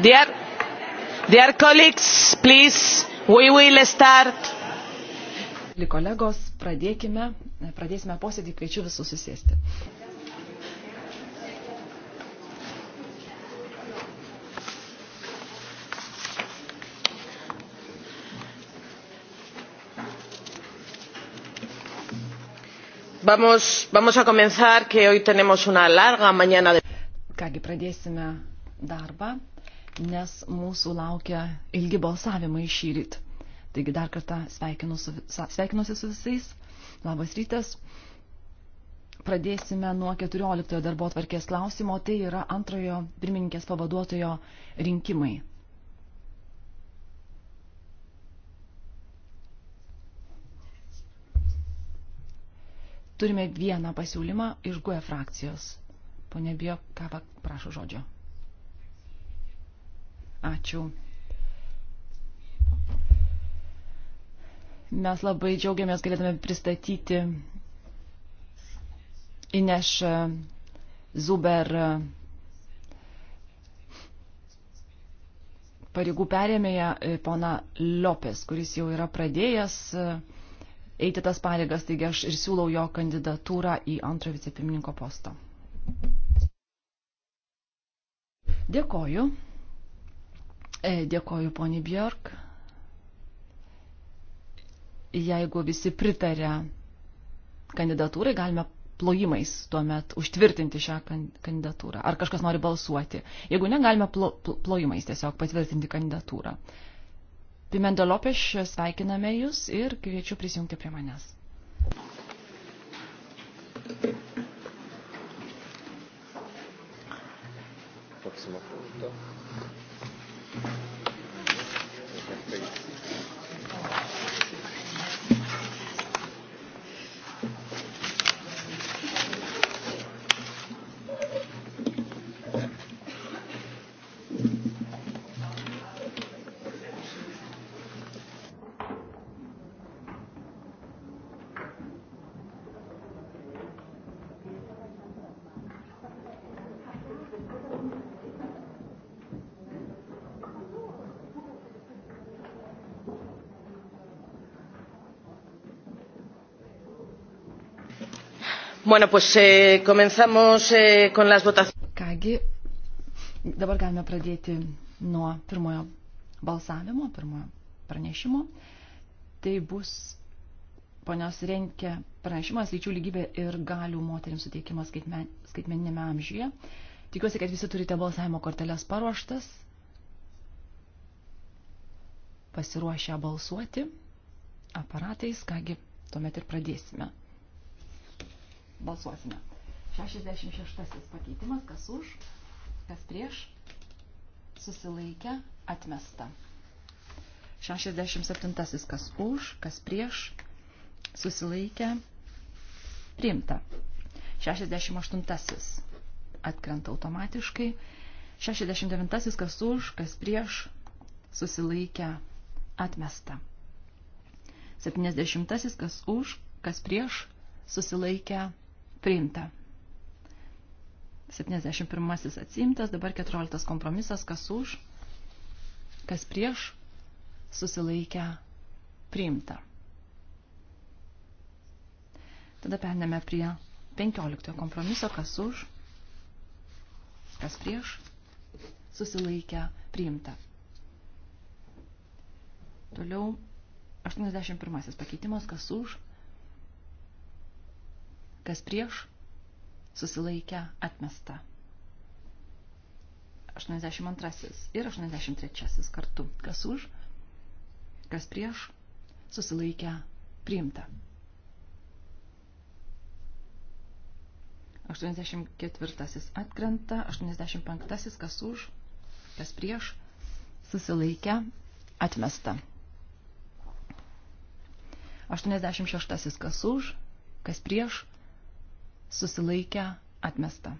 Dear, dear colleagues, please, we will start. Li kolegos, pradėkime, pradėsime posėdį, kviečiu visus susėsti. Vamos, vamos a comenzar, que hoy tenemos una larga mañana de. Ką gi, pradėsime darbą nes mūsų laukia ilgi balsavimai šyryt. Taigi dar kartą sveikinu su, sveikinuosi su visais. Labas rytas. Pradėsime nuo 14 darbo tvarkės klausimo. Tai yra antrojo pirmininkės pavaduotojo rinkimai. Turime vieną pasiūlymą iš GUE frakcijos. Pone Bijo, ką prašo žodžio. Ačiū. Mes labai džiaugiamės galėdami pristatyti Ineš Zuber pareigų perėmėja pona Lopes, kuris jau yra pradėjęs eiti tas pareigas, taigi aš ir siūlau jo kandidatūrą į antrą vicepirmininko postą. Dėkoju. E, dėkoju, poni Bjork. Jeigu visi pritarė kandidatūrai, galime plojimais tuomet užtvirtinti šią kandidatūrą. Ar kažkas nori balsuoti. Jeigu ne, galime plo, plojimais tiesiog patvirtinti kandidatūrą. Pimendo Lopeš, sveikiname Jūs ir kviečiu prisijungti prie manęs. Proxima punto. Bueno, pues eh, comenzamos eh, con las votaciones. Kągi, dabar galime pradėti nuo pirmojo balsavimo, pirmojo pranešimo. Tai bus ponios Renke pranešimas lyčių lygybė ir galių moteriams suteikimas skaitmen, skaitmeninėme amžiuje. Tikiuosi, kad visi turite balsavimo korteles paruoštas, pasiruošę balsuoti aparatais, kągi tuomet ir pradėsime. Balsuosime. 66 pakeitimas, kas už, kas prieš, susilaikę, atmesta. 67 kas už, kas prieš, susilaikę, priimta. 68 atkrenta automatiškai. 69 kas už, kas prieš, susilaikę, atmesta. 70 kas už, kas prieš, susilaikę, atmesta priimta. 71 atsiimtas, dabar 14 kompromisas, kas už, kas prieš, susilaikę, priimta. Tada perneme prie 15 kompromiso, kas už, kas prieš, susilaikę, priimta. Toliau 81 pakeitimas, kas už, kas prieš, susilaikę, atmesta. 82 ir 83 kartu, kas už, kas prieš, susilaikę, priimta. 84 atkrenta, 85 kas už, kas prieš, susilaikę, atmesta. 86 kas už, kas prieš, susilaikę, atmesta.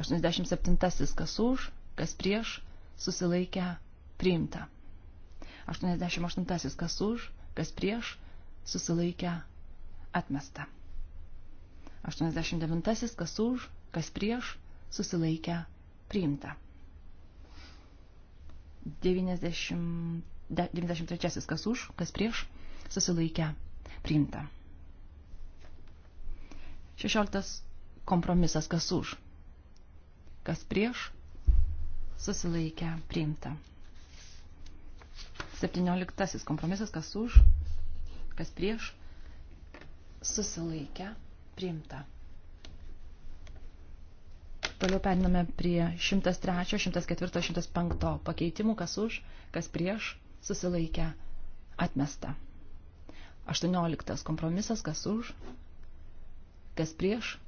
87 kas už, kas prieš, susilaikę, priimta. 88 kas už, kas prieš, susilaikę, atmesta. 89 kas už, kas prieš, susilaikę, priimta. 90, 93 kas už, kas prieš, susilaikę, priimta. 16 kompromisas kas už, kas prieš, susilaikę priimta. 17 kompromisas kas už, kas prieš, susilaikę priimta. Toliau periname prie 103, 104, 105 pakeitimų, kas už, kas prieš, susilaikę, atmesta. 18 kompromisas, kas už, kas prieš,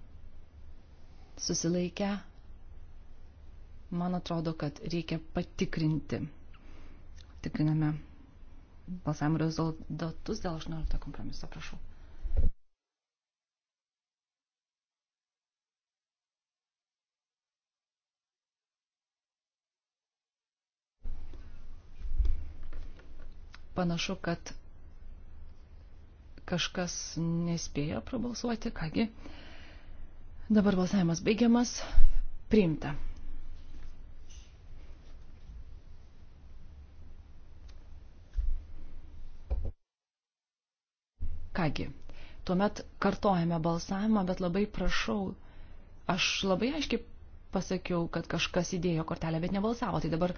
susilaikę, man atrodo, kad reikia patikrinti. Tikriname balsavimo rezultatus dėl 18 kompromiso, prašau. Panašu, kad kažkas nespėjo prabalsuoti, kągi. Dabar balsavimas baigiamas, priimta. Kągi, tuomet kartojame balsavimą, bet labai prašau, aš labai aiškiai pasakiau, kad kažkas įdėjo kortelę, bet nebalsavo. Tai dabar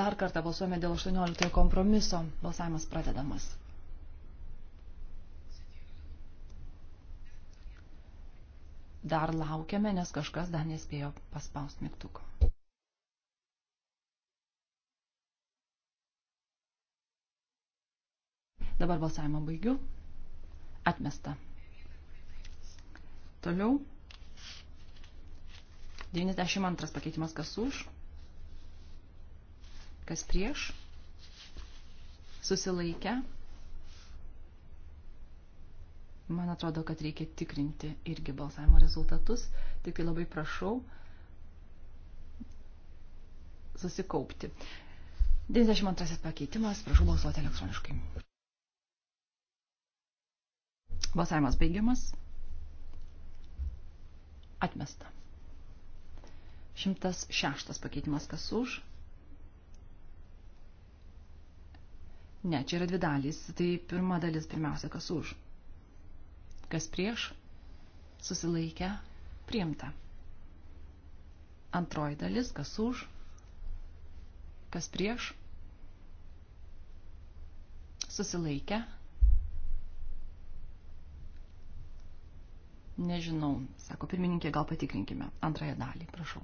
dar kartą balsuojame dėl 18 kompromiso. Balsavimas pradedamas. dar laukiame, nes kažkas dar nespėjo paspausti mygtuko. Dabar balsavimą baigiu. Atmesta. Toliau. 92 pakeitimas kas už, kas prieš, susilaikę. Man atrodo, kad reikia tikrinti irgi balsavimo rezultatus. Tik tai labai prašau susikaupti. 92 pakeitimas, prašau balsuoti elektroniškai. Balsavimas baigiamas. Atmesta. 106 pakeitimas kas už. Ne, čia yra dvi dalys. Tai pirma dalis pirmiausia kas už. Kas prieš? Susilaikę. Priimta. Antroji dalis. Kas už? Kas prieš? Susilaikę. Nežinau, sako pirmininkė, gal patikrinkime antrąją dalį, prašau.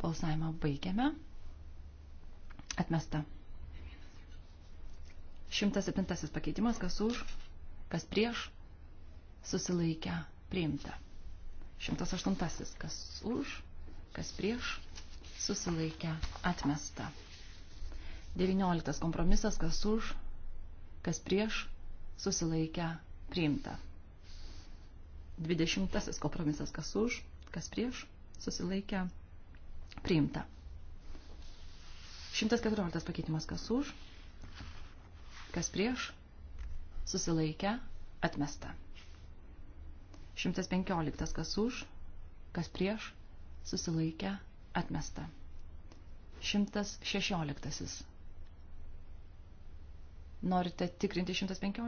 Balsavimą baigiame. Atmesta. 107 pakeitimas, kas už, kas prieš, susilaikę, priimta. 108, kas už, kas prieš, susilaikę, atmesta. 19 kompromisas, kas už, kas prieš, susilaikę, priimta. 20 kompromisas, kas už, kas prieš, susilaikę, priimta. 114 pakeitimas kas už, kas prieš, susilaikę, atmesta. 115 kas už, kas prieš, susilaikę, atmesta. 116. Norite tikrinti 115?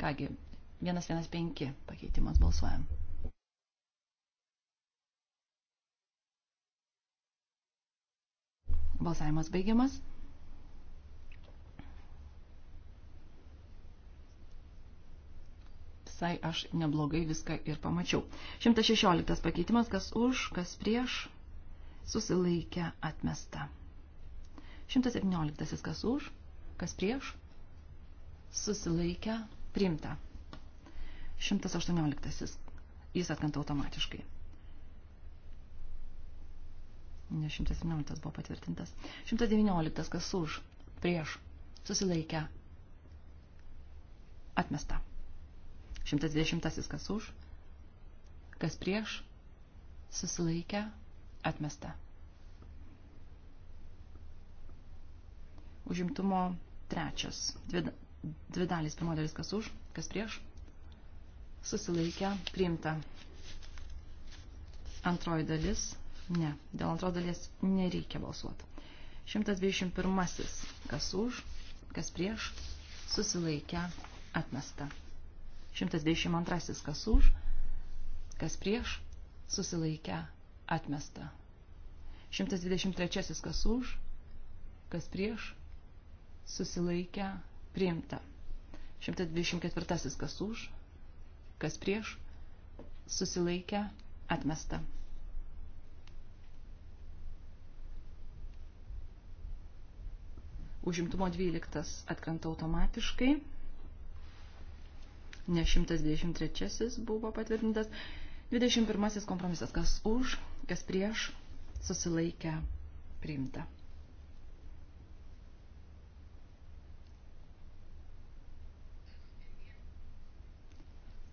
Kągi, 115 pakeitimas balsuojam. Balsavimas baigiamas. Visai aš neblogai viską ir pamačiau. 116 pakeitimas, kas už, kas prieš, susilaikę atmesta. 117 kas už, kas prieš, susilaikę priimta. 118 jis atkanta automatiškai. Ne 117 buvo patvirtintas. 119 kas už, prieš, susilaikę, atmesta. 120 kas už, kas prieš, susilaikę, atmesta. Užimtumo trečias. Dvi, dvi dalys. Pirmo dalis kas už, kas prieš, susilaikę, priimta. Antroji dalis Ne, dėl antros dalies nereikia balsuoti. 121. Kas už, kas prieš, susilaikę, atmesta. 122. Kas už, kas prieš, susilaikę, atmesta. 123. Kas už, kas prieš, susilaikę, priimta. 124. Kas už, kas prieš, susilaikę, atmesta. užimtumo 12 atkrenta automatiškai, ne 123 buvo patvirtintas, 21 kompromisas, kas už, kas prieš, susilaikę, priimta.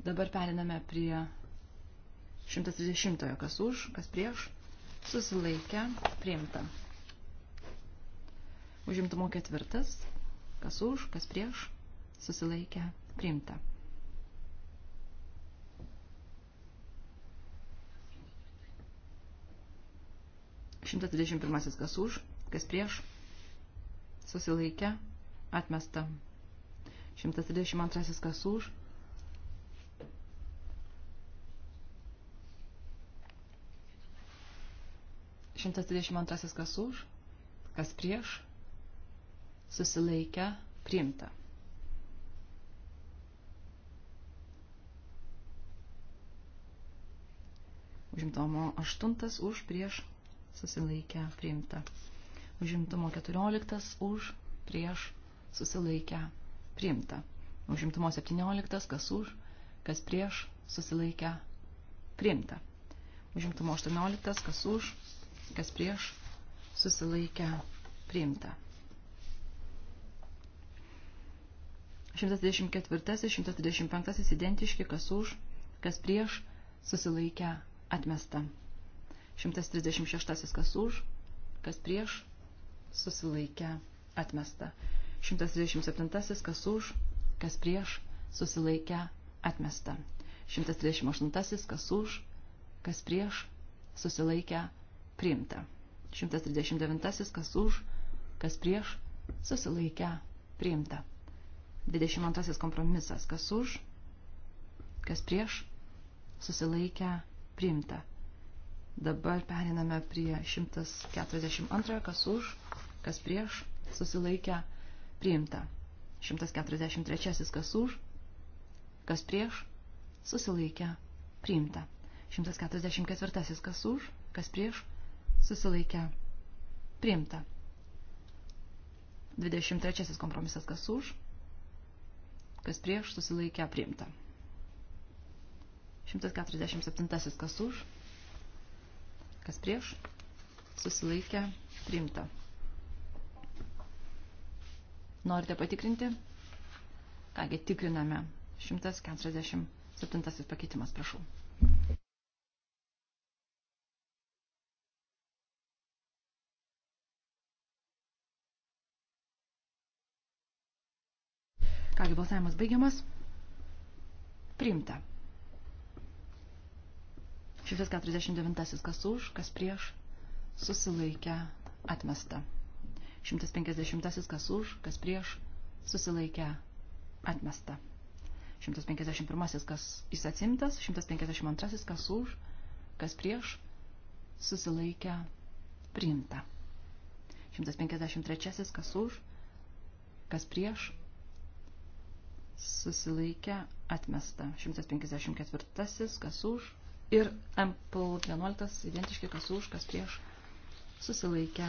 Dabar periname prie 130, kas už, kas prieš, susilaikę, priimta. Užimtumo ketvirtas. Kas už, kas prieš, susilaikę, priimta. Šimtas dvidešimt pirmasis kas už, kas prieš, susilaikę, atmesta. Šimtas dvidešimt antrasis kas už, Šimtas dvidešimt antrasis kas už, kas prieš, susilaikę, priimta. Užimtumo 8 už prieš susilaikę priimta. Užimtumo 14 už prieš susilaikę priimta. Užimtumo 17 kas už, kas prieš susilaikę priimta. Užimtumo 18 kas už, kas prieš susilaikę priimta. 124, 125 identiški, kas už, kas prieš, susilaikę, atmesta. 136, kas už, kas prieš, susilaikę, atmesta. 137, kas už, kas prieš, susilaikę, atmesta. 138, kas už, kas prieš, susilaikę, priimta. 139, kas už, kas prieš, susilaikę, priimta. 22 kompromisas. Kas už, kas prieš, susilaikę, priimta. Dabar periname prie 142, kas už, kas prieš, susilaikę, priimta. 143, kas už, kas prieš, susilaikę, priimta. 144, kas už, kas prieš, susilaikę, priimta. 23 kompromisas, kas už, kas prieš susilaikę priimta. 147 kas už, kas prieš susilaikę priimta. Norite patikrinti? Kągi tikriname. 147 pakeitimas, prašau. Kągi balsavimas baigiamas. Priimta. 149. Kas už, kas prieš, susilaikę, atmesta. 150. Kas už, kas prieš, susilaikę, atmesta. 151. Kas jis atsimtas, 152. Kas už, kas prieš, susilaikę, priimta. 153. Kas už, kas prieš, susilaikę atmesta. 154 kas už ir MPL 11 identiški kas už, kas prieš susilaikę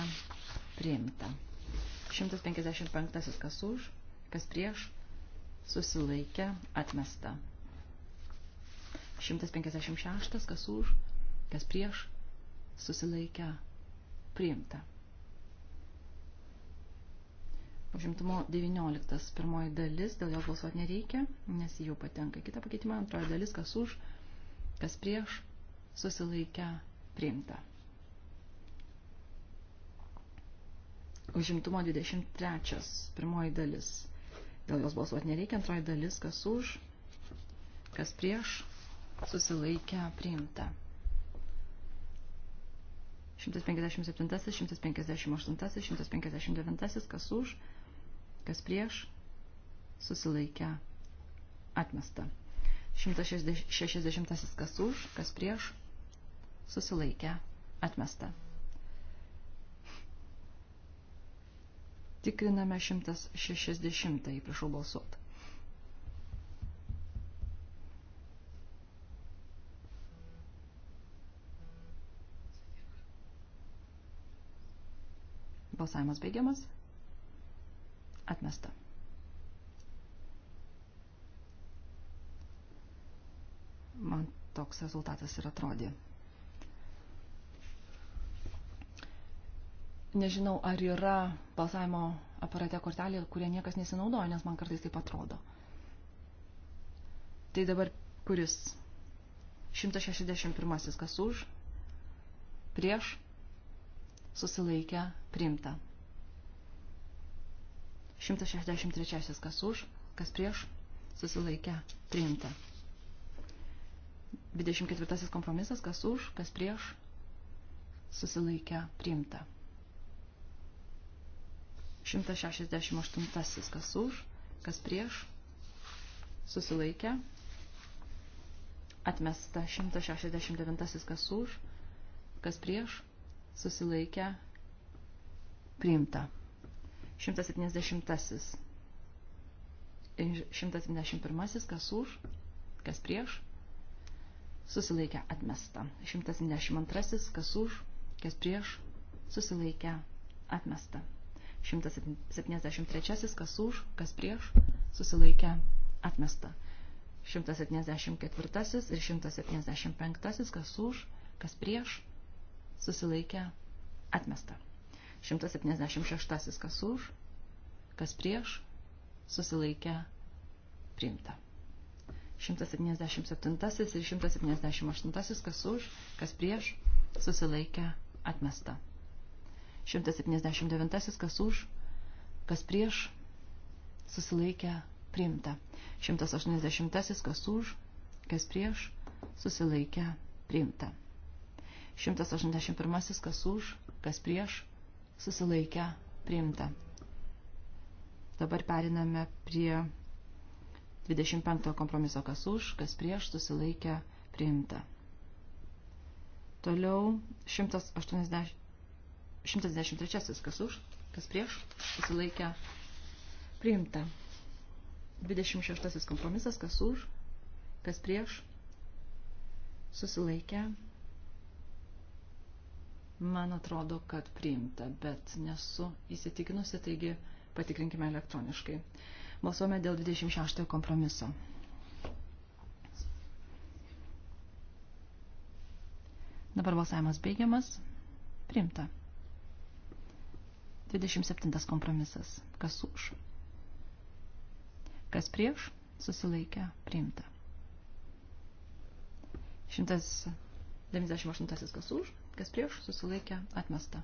priimta. 155 kas už, kas prieš susilaikę atmesta. 156 kas už, kas prieš susilaikę priimta. Užimtumo 19. Pirmoji dalis, dėl jos balsuoti nereikia, nes jau patenka. Kita pakeitimą, antroji dalis, kas už, kas prieš, susilaikę, priimta. Užimtumo 23. Pirmoji dalis, dėl jos balsuoti nereikia, antroji dalis, kas už, kas prieš, susilaikę, priimta. 157, 158, 159, kas už, kas prieš, susilaikę, atmesta. 160 kas už, kas prieš, susilaikę, atmesta. Tikriname 160, prašau balsuoti. Balsavimas baigiamas. Atmesta. Man toks rezultatas ir atrodė. Nežinau, ar yra balsavimo aparate kortelė, kurie niekas nesinaudoja, nes man kartais taip atrodo. Tai dabar kuris? 161. Kas už? Prieš? Susilaikę? Primta. 163 kas už, kas prieš, susilaikę, priimta. 24 kompromisas kas už, kas prieš, susilaikę, priimta. 168 kas už, kas prieš, susilaikę, atmesta 169 kas už, kas prieš, susilaikę, priimta. 170. 171. Kas už, kas prieš. Susilaikę atmesta. 172. Kas už, kas prieš. Susilaikę atmesta. 173. Kas už, kas prieš. Susilaikę atmesta. 174 ir 175, kas už, kas prieš, susilaikė atmesta. 176 kas už, kas prieš, susilaikę priimta. 177 ir 178 kas už, kas prieš, susilaikę atmesta. 179 kas už, kas prieš, susilaikę priimta. 180 kas už, kas prieš, susilaikę priimta. 181 kas už, kas prieš, susilaikę priimta. Dabar periname prie 25 kompromiso, kas už, kas prieš, susilaikę priimta. Toliau 180, 123, kas už, kas prieš, susilaikę priimta. 26 kompromisas, kas už, kas prieš, susilaikę priimta Man atrodo, kad priimta, bet nesu įsitikinusi, taigi patikrinkime elektroniškai. Balsuome dėl 26 kompromiso. Dabar balsavimas baigiamas. Priimta. 27 kompromisas. Kas už? Kas prieš? Susilaikę. Priimta. 198 kas už? kas prieš, susilaikė, atmesta.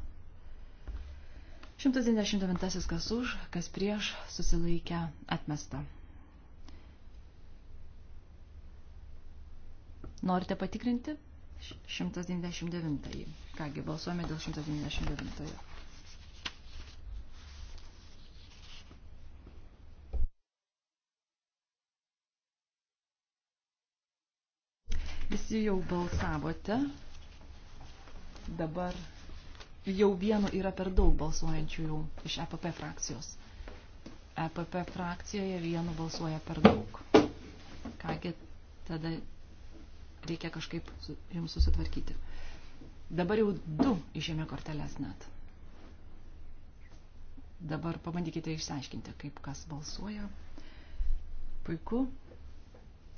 199 kas už, kas prieš, susilaikė, atmesta. Norite patikrinti? 199. Kągi, balsuojame dėl 199. Visi jau balsavote dabar jau vieno yra per daug balsuojančių jau iš EPP frakcijos. EPP frakcijoje vienu balsuoja per daug. Kągi, tada reikia kažkaip jums susitvarkyti. Dabar jau du išėmė korteles net. Dabar pabandykite išsiaiškinti, kaip kas balsuoja. Puiku.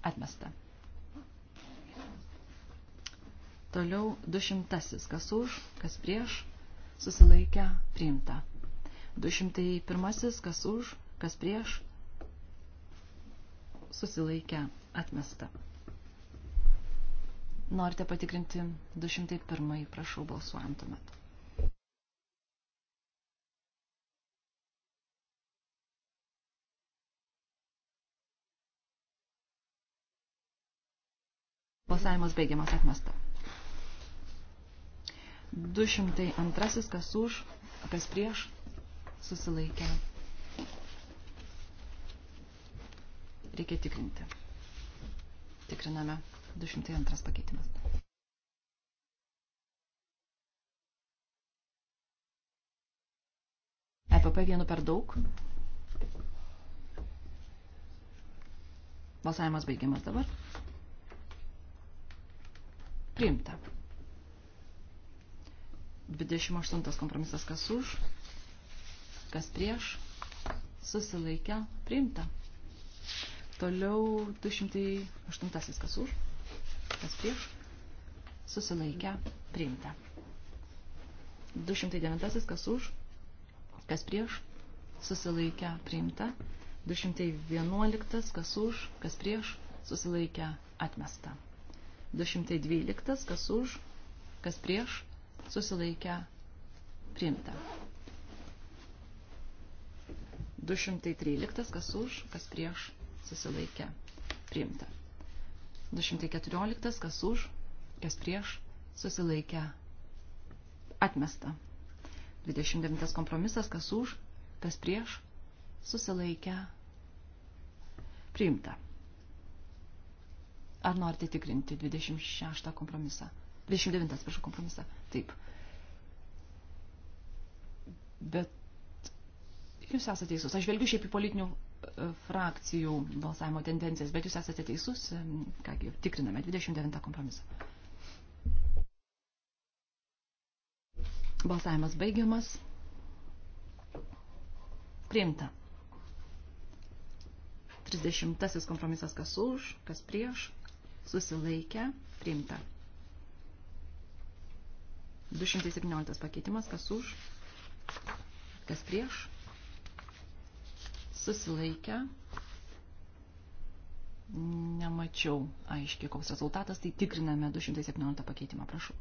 Atmesta. Toliau du šimtasis, kas už, kas prieš, susilaikę, priimta. Du šimtai pirmasis, kas už, kas prieš, susilaikę, atmesta. Norite patikrinti 201, prašau, balsuojam tuomet. Balsavimas baigiamas atmesta. 202, kas už, kas prieš, susilaikė. Reikia tikrinti. Tikriname 202 pakeitimas. EPP vienu per daug. Balsavimas baigiamas dabar. Priimta. 28 kompromisas kas už, kas prieš, susilaikę, priimta. Toliau 208 kas už, kas prieš, susilaikę, priimta. 209 kas už, kas prieš, susilaikę, priimta. 211 kas už, kas prieš, susilaikę, atmesta. 212 kas už, kas prieš, susilaikę priimta. 213, kas už, kas prieš, susilaikę priimta. 214, kas už, kas prieš, susilaikę atmesta. 29 kompromisas, kas už, kas prieš, susilaikę priimta. Ar norite tikrinti 26 kompromisą? 29, prašau, kompromisą. Taip. Bet jūs esate teisus. Aš žvelgiu šiaip į politinių e, frakcijų balsavimo tendencijas, bet jūs esate teisus. Kągi, tikriname 29 kompromisą. Balsavimas baigiamas. Priimta. 30 kompromisas kas už, kas prieš, susilaikę, priimta. 217 pakeitimas, kas už, kas prieš, susilaikę, nemačiau aiškiai, koks rezultatas, tai tikriname 217 pakeitimą, prašau.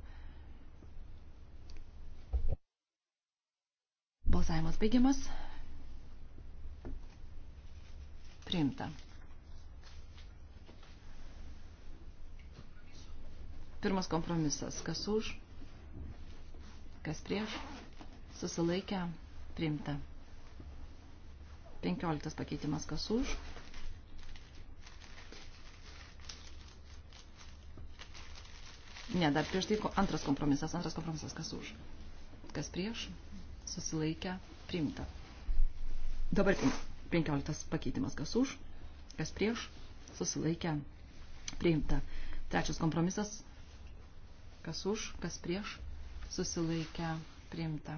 Balsavimas baigiamas. Priimta. Pirmas kompromisas. Kas už? Kas prieš? Susilaikę. Priimta. 15 pakeitimas. Kas už? Ne, dar prieš tai antras kompromisas. Antras kompromisas. Kas už? Kas prieš? Susilaikę. Priimta. Dabar 15 pakeitimas. Kas už? Kas prieš? Susilaikę. Priimta. Trečias kompromisas. Kas už? Kas prieš? susilaikę priimta.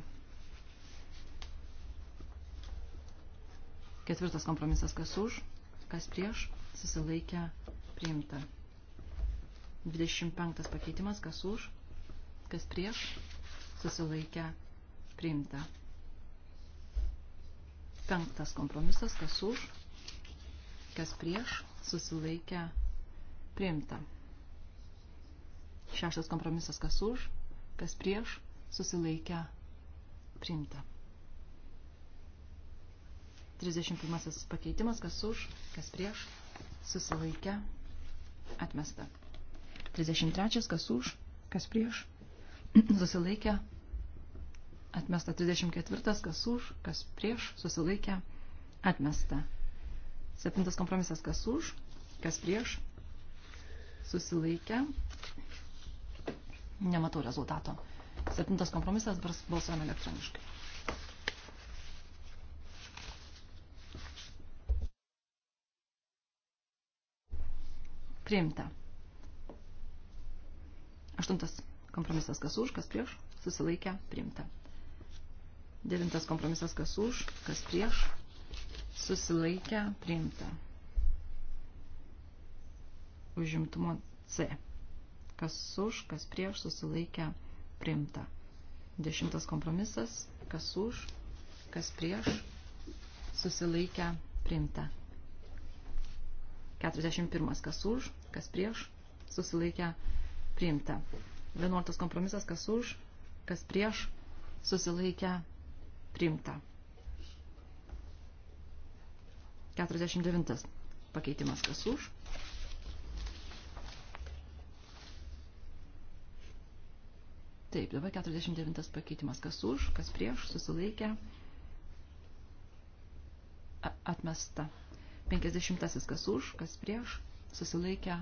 Ketvirtas kompromisas, kas už, kas prieš, susilaikę priimta. 25 pakeitimas, kas už, kas prieš, susilaikę priimta. Penktas kompromisas, kas už, kas prieš, susilaikę priimta. Šeštas kompromisas, kas už, kas prieš, susilaikę, priimta. 31 pakeitimas, kas už, kas prieš, susilaikę, atmesta. 33 kas už, kas prieš, susilaikę, atmesta. 34 kas už, kas prieš, susilaikę, atmesta. 7 kompromisas kas už, kas prieš, susilaikę, Nematau rezultato. Septintas kompromisas balsuojame elektroniškai. Priimta. Aštuntas kompromisas kas už, kas prieš, susilaikę, priimta. Devintas kompromisas kas už, kas prieš, susilaikę, priimta. Užimtumo C kas už, kas prieš susilaikę priimta. Dešimtas kompromisas, kas už, kas prieš susilaikę priimta. 41. Kas už, kas prieš susilaikę priimta. 11. Kompromisas, kas už, kas prieš susilaikę priimta. 49. Pakeitimas, kas už, Taip, dabar 49 pakeitimas. Kas už, kas prieš, susilaikę, atmesta. 50 kas už, kas prieš, susilaikę,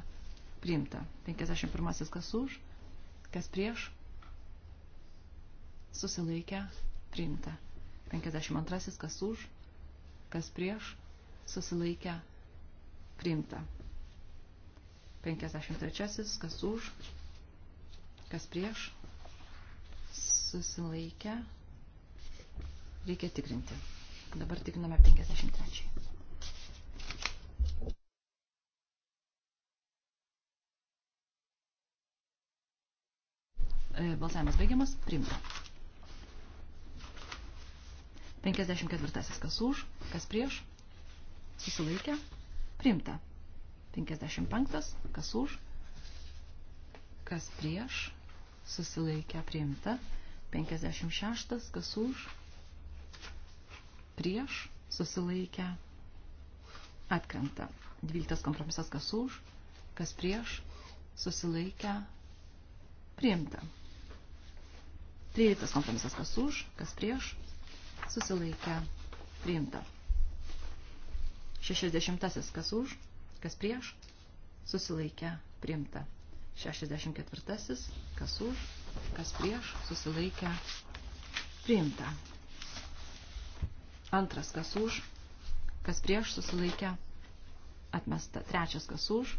priimta. 51 kas už, kas prieš, susilaikę, priimta. 52 kas už, kas prieš, susilaikę, priimta. 53 kas už, kas prieš, susilaikę. Reikia tikrinti. Dabar tikriname 53. E, balsavimas baigiamas. Priimta. 54. Kas už, kas prieš, susilaikę. Priimta. 55. Kas už, kas prieš, susilaikę. Priimta. 56, kas už, prieš, susilaikę, atkrenta. 12 kompromisas, kas už, kas prieš, susilaikę, priimta. 13 kompromisas, kas už, kas prieš, susilaikę, priimta. 60 kas už, kas prieš, susilaikę, priimta. 64 kas už, kas prieš, susilaikę, priimta. Antras, kas už, kas prieš, susilaikę, atmesta. Trečias, kas už,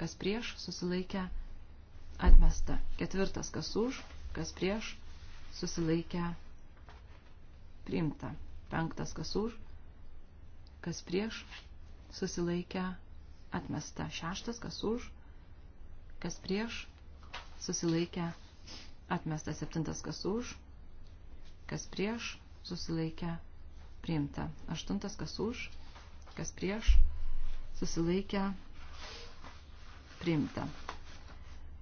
kas prieš, susilaikę, atmesta. Ketvirtas, kas už, kas prieš, susilaikę, priimta. Penktas, kas už, kas prieš, susilaikę, atmesta. Šeštas, kas už, kas prieš, susilaikę, atmesta Atmesta septintas kas už, kas prieš, susilaikę, priimta. Aštuntas kas už, kas prieš, susilaikę, priimta.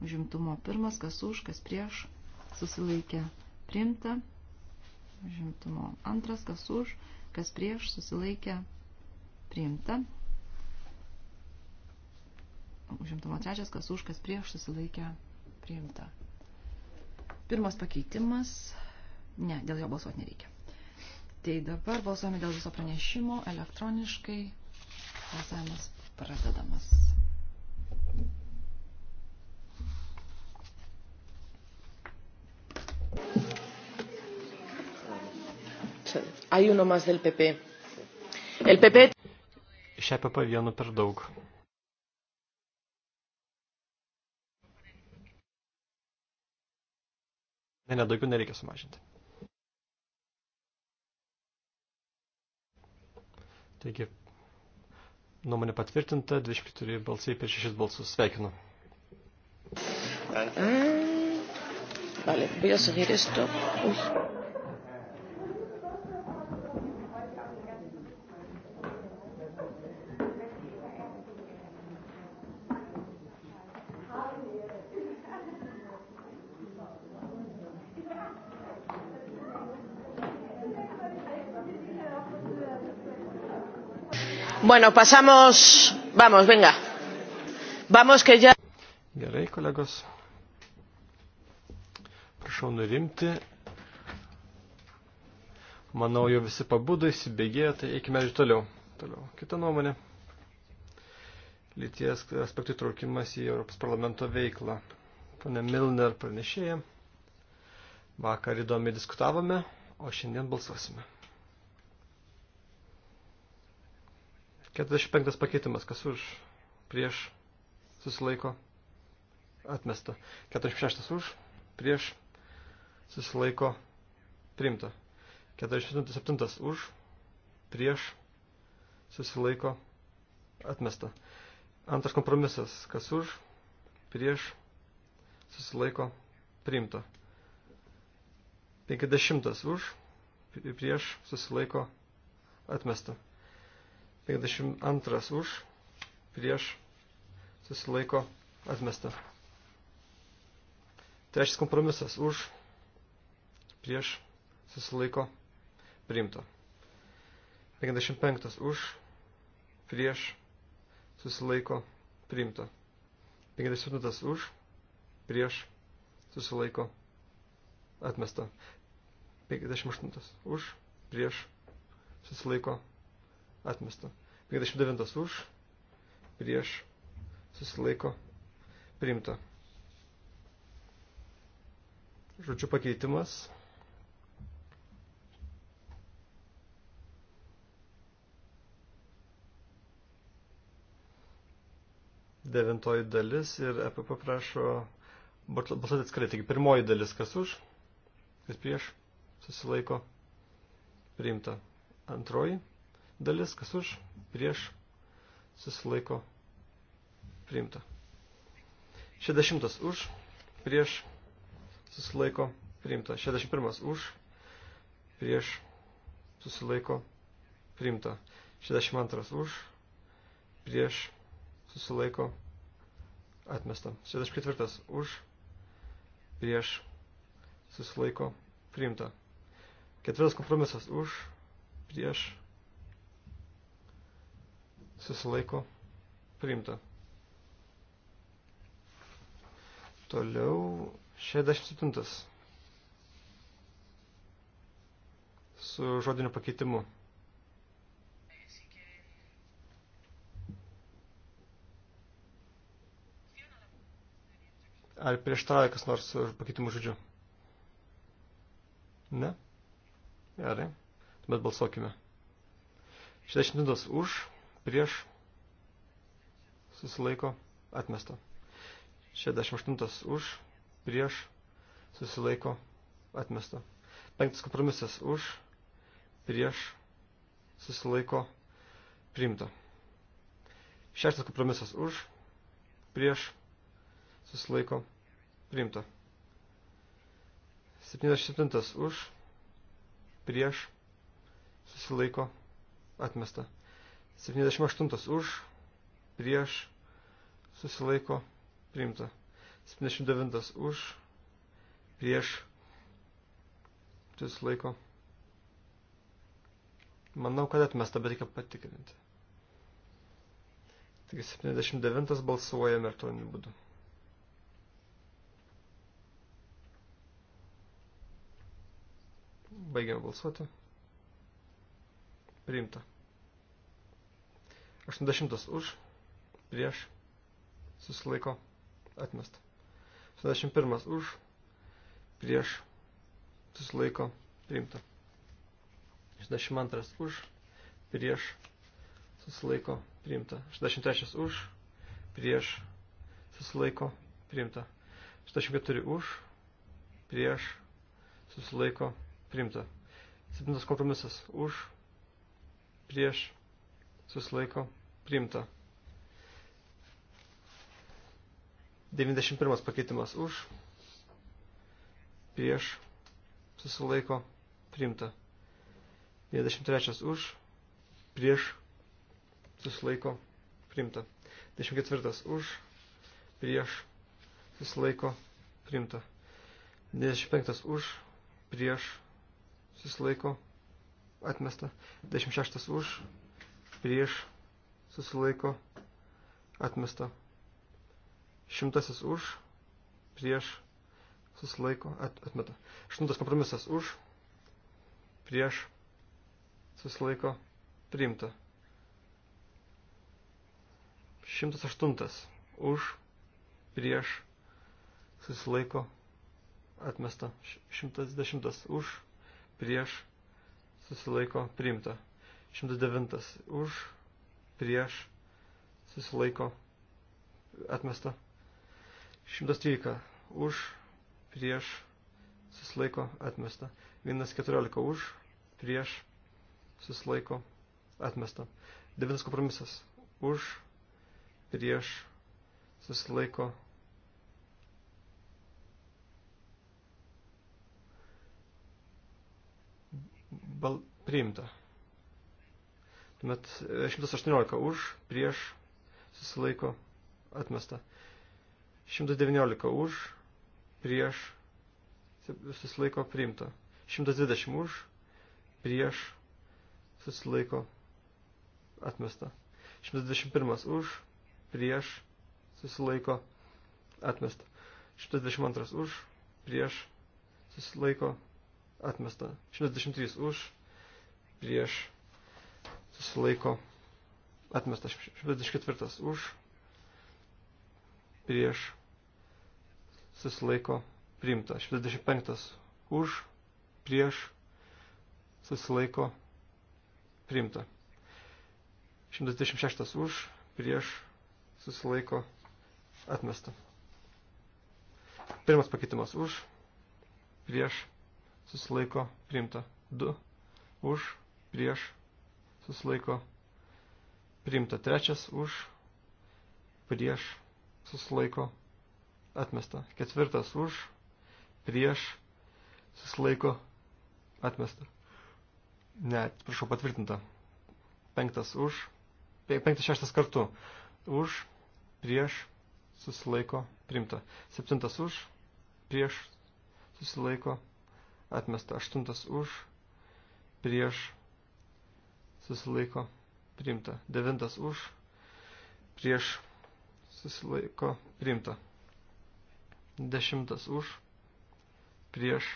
Užimtumo pirmas kas už, kas prieš, susilaikę, priimta. Užimtumo antras kas už, kas prieš, susilaikę, priimta. Užimtumo trečias kas už, kas prieš, susilaikę, priimta Pirmas pakeitimas. Ne, dėl jo balsuoti nereikia. Tai dabar balsuojame dėl viso pranešimo elektroniškai. Balsavimas pradedamas. Hay uno más del PP. El PP. Šią e PP vienu per daug. Ne, nedaugiau nereikia sumažinti. Taigi, nuomonė patvirtinta, 24 balsai per 6 balsus. Sveikinu. Vale, voy a seguir esto. Uy. Bueno, pasamos. Vamos, venga. Vamos, que ya. Gerai, kolegos. Prašau nurimti. Manau, jau visi pabudo, įsibėgėjo, tai eikime ir toliau. toliau. Kita nuomonė. Lyties aspektų traukimas į Europos parlamento veiklą. Pane Milner pranešėja. Vakar įdomiai diskutavome, o šiandien balsuosime. 45 pakeitimas, kas už, prieš, susilaiko, atmesta. 46 už, prieš, susilaiko, priimta. 47 už, prieš, susilaiko, atmesta. Antras kompromisas, kas už, prieš, susilaiko, priimta. 50 už, prieš, susilaiko, atmesta. 52 už, prieš, susilaiko, atmesta. Trečias kompromisas už, prieš, susilaiko, priimta. 55 už, prieš, susilaiko, priimta. 57 už, prieš, susilaiko, atmesta. 58 už, prieš, susilaiko, atmesta. 29 už, prieš, susilaiko, priimta. Žodžiu pakeitimas. Devintoji dalis ir EPP prašo balsuoti atskirai. Taigi pirmoji dalis kas už, kas prieš, susilaiko, priimta. Antroji dalis, kas už, prieš, susilaiko, priimta. 60 už, prieš, susilaiko, priimta. 61 už, prieš, susilaiko, priimta. 62 už, prieš, susilaiko, atmesta. 64 už, prieš, susilaiko, priimta. Ketvirtas kompromisas už, prieš, susilaiko priimta. Toliau 67 su žodiniu pakeitimu. Ar prieštarauja kas nors pakeitimų žodžiu? Ne? Gerai. Tuomet balsuokime. 62 už prieš, susilaiko, atmesta. 68 už, prieš, susilaiko, atmesta. 5 kompromisas už, prieš, susilaiko, priimta. 6 kompromisas už, prieš, susilaiko, priimta. 77 už, prieš, susilaiko, atmesta. 78 už, prieš, susilaiko, priimta. 79 už, prieš, susilaiko. Manau, kad atmesta, bet reikia patikrinti. Taigi 79 balsuoja elektroniniu būdu. Baigiame balsuoti. Priimta. 80 už, prieš, susilaiko, atmesta. 81 už, prieš, susilaiko, priimta. 62 už, prieš, susilaiko, priimta. 63 už, prieš, susilaiko, priimta. 64 už, prieš, susilaiko, priimta. 7 kompromisas už, prieš, susilaiko, Priimta. 91 pakeitimas už. Prieš. Susilaiko. Priimta. 93 už. Prieš. Susilaiko. Priimta. 24 už. Prieš. Susilaiko. Priimta. 25 už. Prieš. Susilaiko. Atmesta. 26 už. Prieš susilaiko atmesta. Šimtasis už, prieš, susilaiko at, atmeta. Aštuntas kompromisas už, prieš, susilaiko priimta. Šimtas aštuntas už, prieš, susilaiko atmesta. Šimtas dešimtas už, prieš, susilaiko priimta. Šimtas devintas už, prieš susilaiko atmesta. 113 už prieš susilaiko atmesta. 114 už prieš susilaiko atmesta. 9 kompromisas už prieš susilaiko atmesta. bal priimta. Tuomet 118 e, už, prieš, susilaiko, atmesta. 119 už, prieš, susilaiko, priimta. 120 už, prieš, susilaiko, atmesta. 121 už, prieš, susilaiko, atmesta. 122 už, prieš, susilaiko, atmesta. 123 už, prieš, susilaiko, atmesta susilaiko atmestas 64 už, prieš susilaiko priimta 65 už, prieš susilaiko priimta 126 už, prieš susilaiko atmesta. Pirmas pakeitimas už, prieš susilaiko priimta 2 už, prieš susilaiko priimta. Trečias už, prieš, susilaiko atmesta. Ketvirtas už, prieš, susilaiko atmesta. Ne, prašau, patvirtinta. Penktas už, penktas šeštas kartu. Už, prieš, susilaiko priimta. Septintas už, prieš, susilaiko atmesta. Aštuntas už, prieš, susilaiko priimta. Devintas už, prieš susilaiko priimta. Dešimtas už, prieš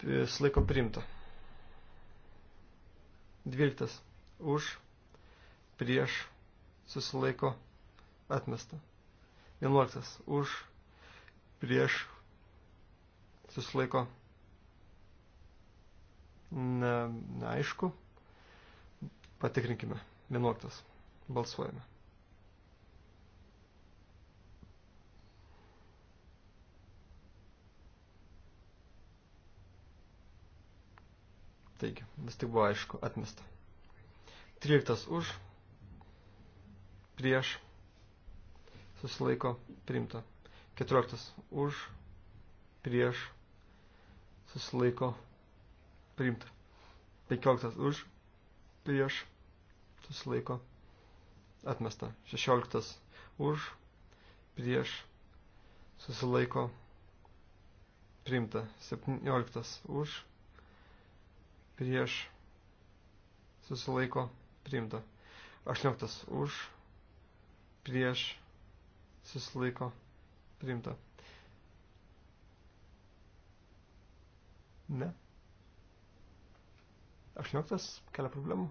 susilaiko priimta. Dvyliktas už, prieš susilaiko atmesta. Vienuoliktas už, prieš susilaiko neaišku. Ne, Patikrinkime. 11. Balsuojame. Taigi, vis tik buvo aišku, atmesta. 13 už, prieš, susilaiko, primta. 14 už, prieš, susilaiko, primta. 15 už, prieš, susilaiko atmesta. 16 už, prieš susilaiko priimta. 17 už, prieš susilaiko priimta. 18 už, prieš susilaiko priimta. Ne. 18 kelia problemų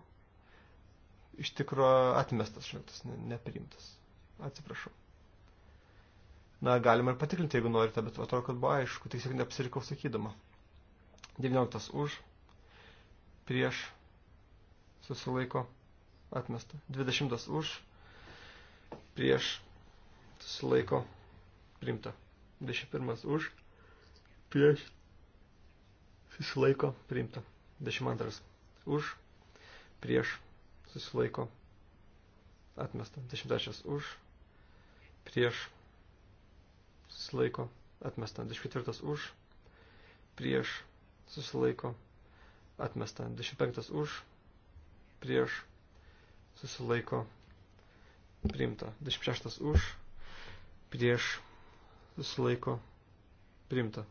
iš tikro atmestas šimtas, nepriimtas. Atsiprašau. Na, galima ir patikrinti, jeigu norite, bet atrodo, kad buvo aišku, tiesiog neapsirikau sakydama. 19 už, prieš, susilaiko, atmesta. 20 už, prieš, susilaiko, priimta. 21 už, prieš, susilaiko, priimta. 22 už, prieš, susilaiko atmesta. 23 už, prieš susilaiko atmesta. 24 už, prieš susilaiko atmesta. 25 už, prieš susilaiko priimta. 26 už, prieš susilaiko priimta.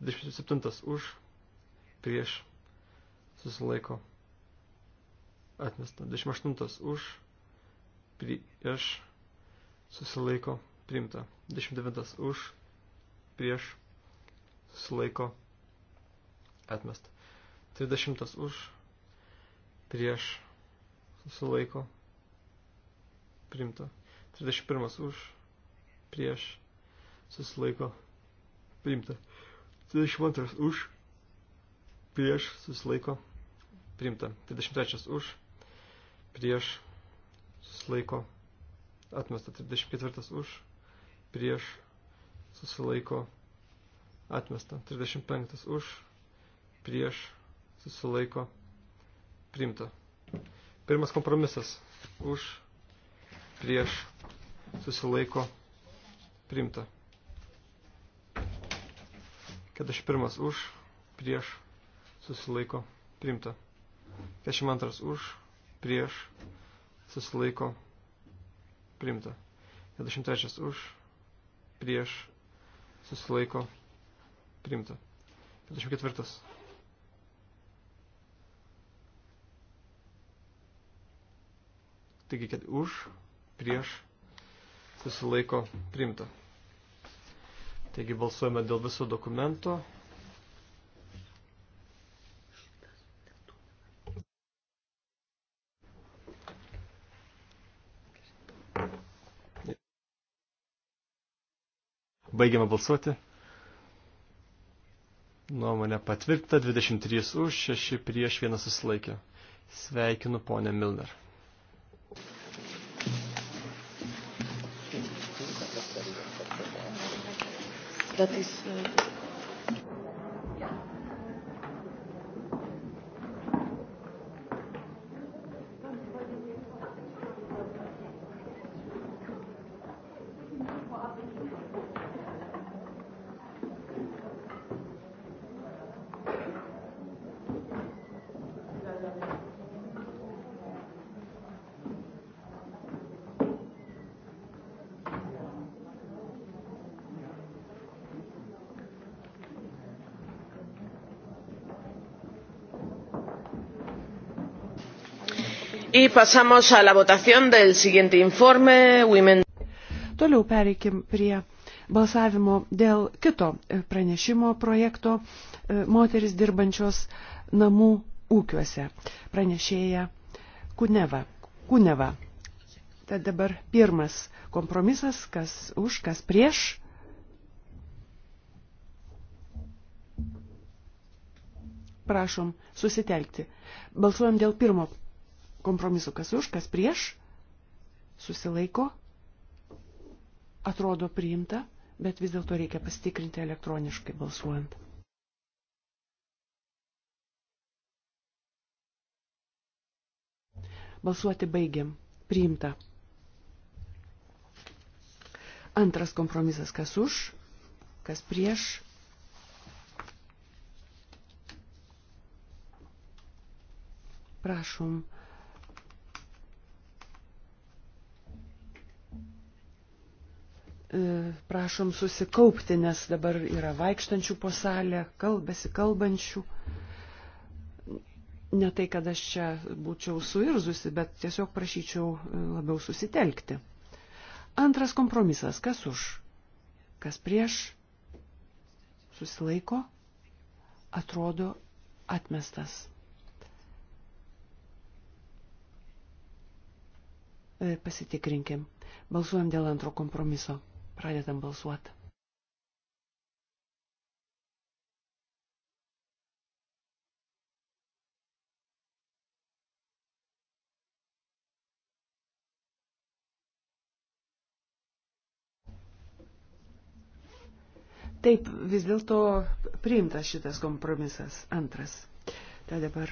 27 už, prieš susilaiko priimta atmesta. 28 už, prieš, susilaiko, priimta. 29 už, prieš, susilaiko, atmesta. 30 už, prieš, susilaiko, priimta. 31 už, prieš, susilaiko, priimta. 22 už, prieš, susilaiko, priimta. 23 už, prieš susilaiko atmesta 34 už prieš susilaiko atmesta 35 už prieš susilaiko priimta. Pirmas kompromisas už prieš susilaiko priimta. 41 už prieš susilaiko priimta. 42 už prieš, susilaiko, priimta. 43 už, prieš, susilaiko, priimta. 44. Taigi, kad už, prieš, susilaiko, priimta. Taigi balsuojame dėl viso dokumento. Baigiame balsuoti. Nuomonė patvirtinta, 23 už, 6 prieš, 1 susilaikė. Sveikinu ponę Milner. That is, uh... pasamos a la votación del siguiente informe. Women... Toliau pereikim prie balsavimo dėl kito e, pranešimo projekto e, moteris dirbančios namų ūkiuose. Pranešėja Kuneva. Kuneva. Tad dabar pirmas kompromisas, kas už, kas prieš. Prašom susitelkti. Balsuojam dėl pirmo kompromisu, kas už, kas prieš, susilaiko, atrodo priimta, bet vis dėlto reikia pasitikrinti elektroniškai balsuojant. Balsuoti baigiam. Priimta. Antras kompromisas, kas už, kas prieš, prašom E, prašom susikaupti, nes dabar yra vaikštančių po salę, kalbasi kalbančių. Ne tai, kad aš čia būčiau suirzusi, bet tiesiog prašyčiau e, labiau susitelkti. Antras kompromisas. Kas už? Kas prieš? Susilaiko? Atrodo atmestas. E, pasitikrinkim. Balsuojam dėl antro kompromiso. Pradedam balsuoti. Taip, vis dėlto priimtas šitas kompromisas antras. Tai dabar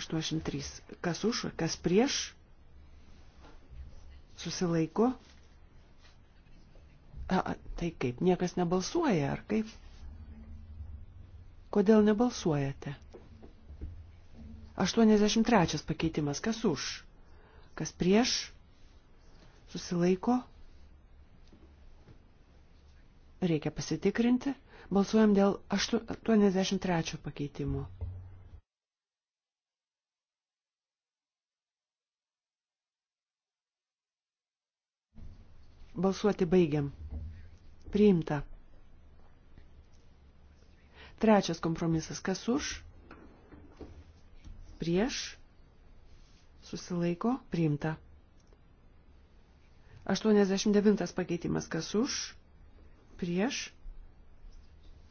83. Kas už, kas prieš? Susilaiko? A, tai kaip, niekas nebalsuoja, ar kaip? Kodėl nebalsuojate? 83 pakeitimas, kas už? Kas prieš? Susilaiko? Reikia pasitikrinti. Balsuojam dėl 83 pakeitimo. Balsuoti baigiam. Priimta. Trečias kompromisas. Kas už? Prieš? Susilaiko? Priimta. 89 pakeitimas. Kas už? Prieš?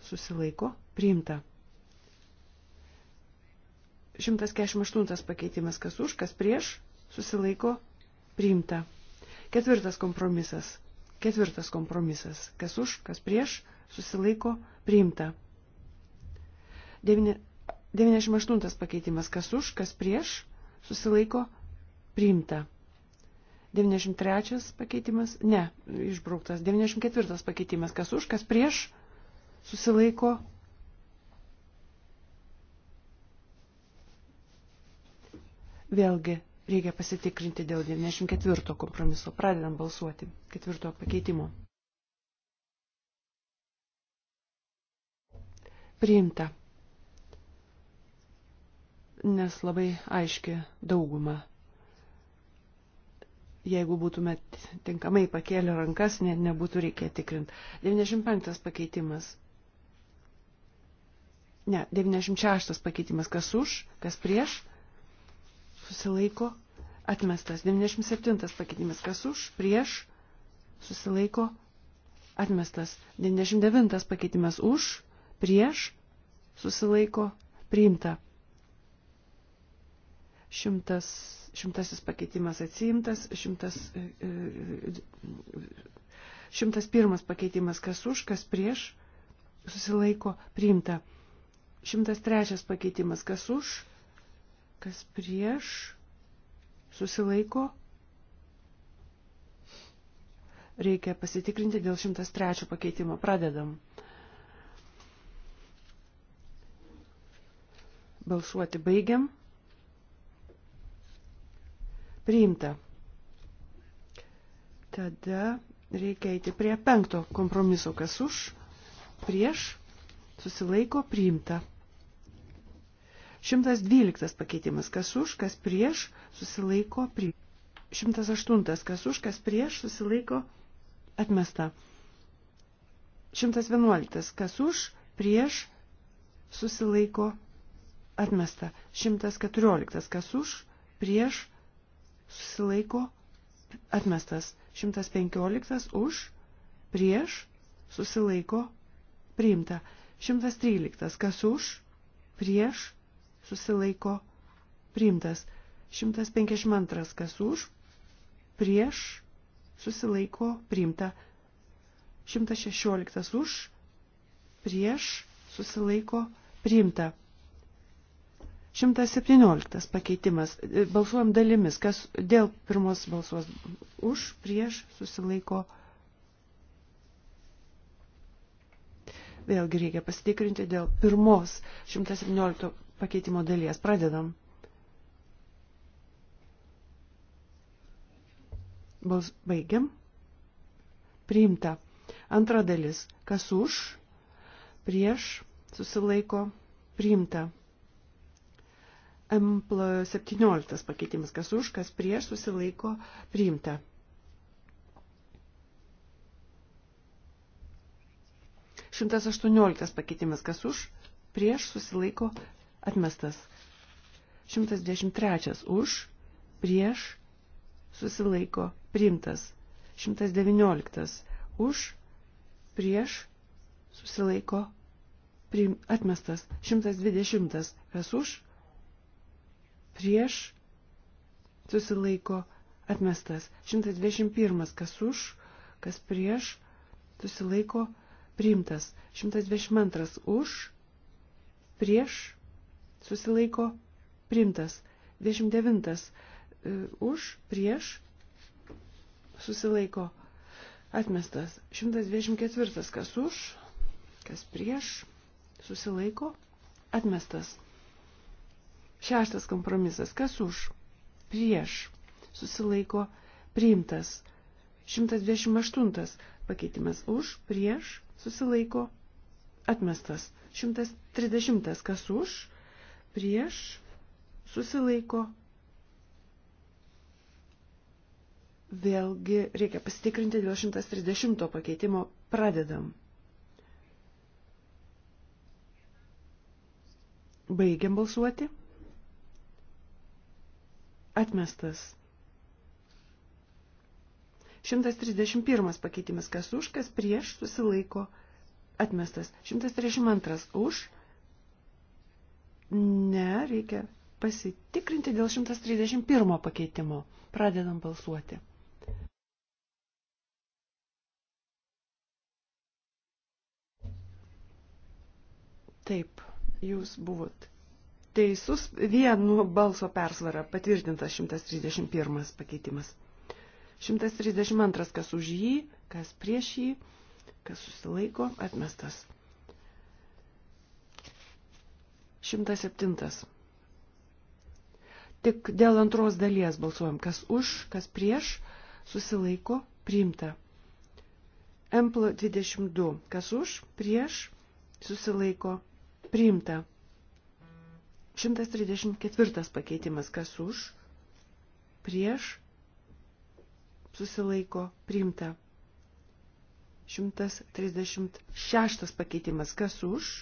Susilaiko? Priimta. 148 pakeitimas. Kas už? Kas prieš? Susilaiko? Priimta. Ketvirtas kompromisas. Ketvirtas kompromisas. Kas už, kas prieš, susilaiko, priimta. 98 pakeitimas. Kas už, kas prieš, susilaiko, priimta. 93 pakeitimas. Ne, išbrauktas. 94 pakeitimas. Kas už, kas prieš, susilaiko, priimta. Vėlgi, Reikia pasitikrinti dėl 94 kompromiso. Pradedam balsuoti. Ketvirto pakeitimo. Priimta. Nes labai aiški dauguma. Jeigu būtumėt tinkamai pakėlę rankas, net nebūtų reikia tikrinti. 95 pakeitimas. Ne, 96 pakeitimas. Kas už, kas prieš? susilaiko, atmestas. 97 pakeitimas, kas už, prieš, susilaiko, atmestas. 99 pakeitimas už, prieš, susilaiko, priimta. Šimtas, šimtasis pakeitimas atsiimtas, šimtas, e, e, šimtas pirmas pakeitimas, kas už, kas prieš, susilaiko, priimta. Šimtas trečias pakeitimas, kas už, prieš, kas prieš, susilaiko. Reikia pasitikrinti dėl 103 pakeitimo. Pradedam. Balsuoti baigiam. Priimta. Tada reikia eiti prie penkto kompromiso, kas už, prieš, susilaiko, priimta. 112 pakeitimas, kas už, kas prieš, susilaiko prie. 108, kas už, kas prieš, susilaiko atmesta. 111, kas už, prieš, susilaiko atmesta. 114, kas už, prieš, susilaiko atmestas. 115, už, prieš, susilaiko priimta. 113, kas už, prieš, susilaiko priimtas. 152 kas už, prieš susilaiko priimta. 116 už, prieš susilaiko priimta. 117 pakeitimas. E, balsuojam dalimis, kas dėl pirmos balsuos už, prieš susilaiko priimta. vėlgi reikia pasitikrinti dėl pirmos 117 pakeitimo dalies. Pradedam. Bals baigiam. Priimta. Antra dalis. Kas už? Prieš susilaiko. Priimta. M17 pakeitimas. Kas už, kas prieš susilaiko. Priimta. 118 pakeitimas. Kas už, prieš susilaiko atmestas. 113 už, prieš, susilaiko, priimtas. 119 už, prieš, susilaiko, priim, atmestas. 120 kas už, prieš, susilaiko, atmestas. 121 kas už, kas prieš, susilaiko, priimtas. 122 už, prieš, susilaiko primtas. 29 e, už, prieš, susilaiko atmestas. 124 kas už, kas prieš, susilaiko atmestas. Šeštas kompromisas kas už, prieš, susilaiko priimtas. 128 pakeitimas už, prieš, susilaiko atmestas. 130 kas už, prieš, susilaiko. Vėlgi reikia pasitikrinti dėl 130 pakeitimo. Pradedam. Baigiam balsuoti. Atmestas. 131 pakeitimas kas už, kas prieš susilaiko atmestas. 132 už, Ne, reikia pasitikrinti dėl 131 pakeitimo. Pradedam balsuoti. Taip, jūs buvot teisus vienu balso persvara patvirtintas 131 pakeitimas. 132 kas už jį, kas prieš jį, kas susilaiko, atmestas. 107. Tik dėl antros dalies balsuojam, kas už, kas prieš, susilaiko, priimta. Empl 22, kas už, prieš, susilaiko, priimta. 134 pakeitimas, kas už, prieš, susilaiko, priimta. 136 pakeitimas, kas už,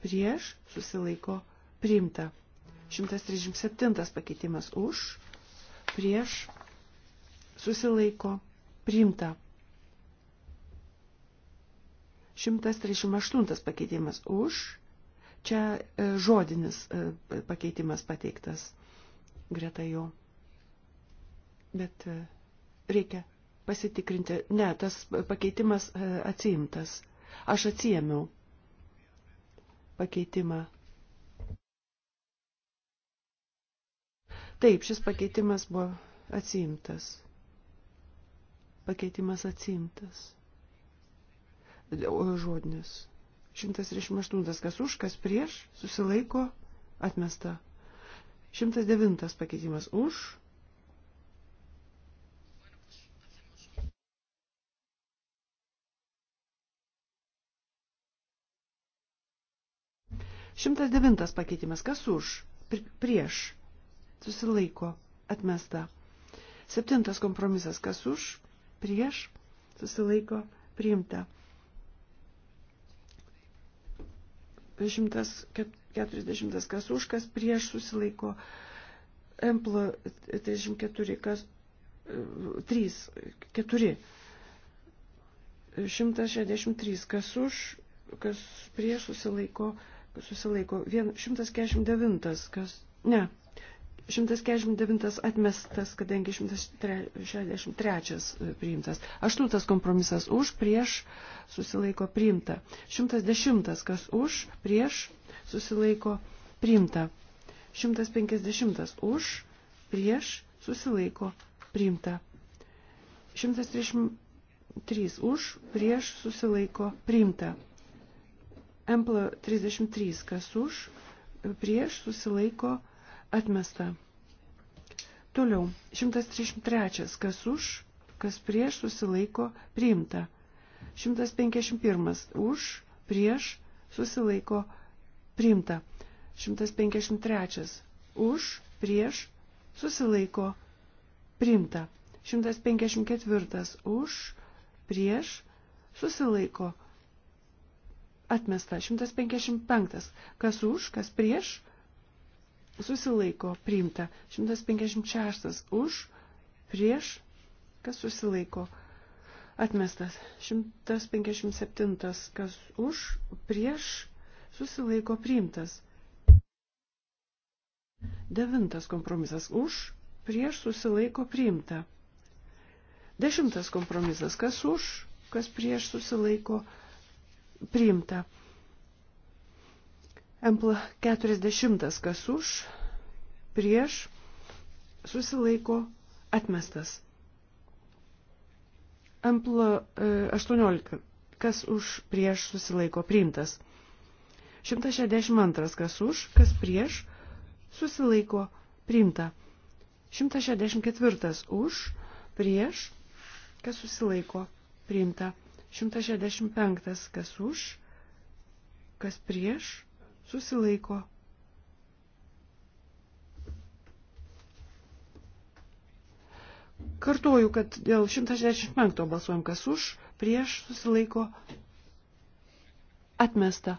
prieš, susilaiko, priimta. 137 pakeitimas už, prieš, susilaiko, priimta. 138 pakeitimas už, čia e, žodinis e, pakeitimas pateiktas greta jo. Bet e, reikia pasitikrinti. Ne, tas pakeitimas atsiimtas. Aš atsiemiau pakeitimą Taip, šis pakeitimas buvo atsiimtas. Pakeitimas atsiimtas. O žodinis. 138. Kas už, kas prieš, susilaiko, atmesta. 109. Pakeitimas už. Šimtas devintas pakeitimas. Kas už? Prieš susilaiko atmesta. Septintas kompromisas, kas už, prieš, susilaiko priimta. 140 kas už, kas prieš susilaiko. Emplo 34 kas 3, 4. 163 kas už, kas prieš susilaiko, susilaiko. 149 kas, ne, 149 atmestas, kadangi 163 e, priimtas. Aštuntas kompromisas už, prieš, susilaiko priimta. 110 kas už, prieš, susilaiko priimta. 150 už, prieš, susilaiko priimta. 133 už, prieš, susilaiko priimta. Emplo 33 kas už, prieš, susilaiko priimta Atmesta. Toliau. 133. Kas už, kas prieš susilaiko priimta. 151. Už, prieš susilaiko priimta. 153. Už, prieš susilaiko priimta. 154. Už, prieš susilaiko atmesta. 155. Kas už, kas prieš susilaiko priimta. 156 už, prieš, kas susilaiko atmestas. 157 kas už, prieš, susilaiko priimtas. Devintas kompromisas už, prieš susilaiko priimta. Dešimtas kompromisas kas už, kas prieš susilaiko priimta. Empl 40 kas už, prieš, susilaiko, atmestas. Empl 18 e, kas už, prieš, susilaiko, priimtas. 162 kas už, kas prieš, susilaiko, priimta. 164 už, prieš, kas susilaiko, priimta. 165 kas už, kas prieš, susilaiko. Kartoju, kad dėl 165 balsuojam kas už, prieš susilaiko atmesta.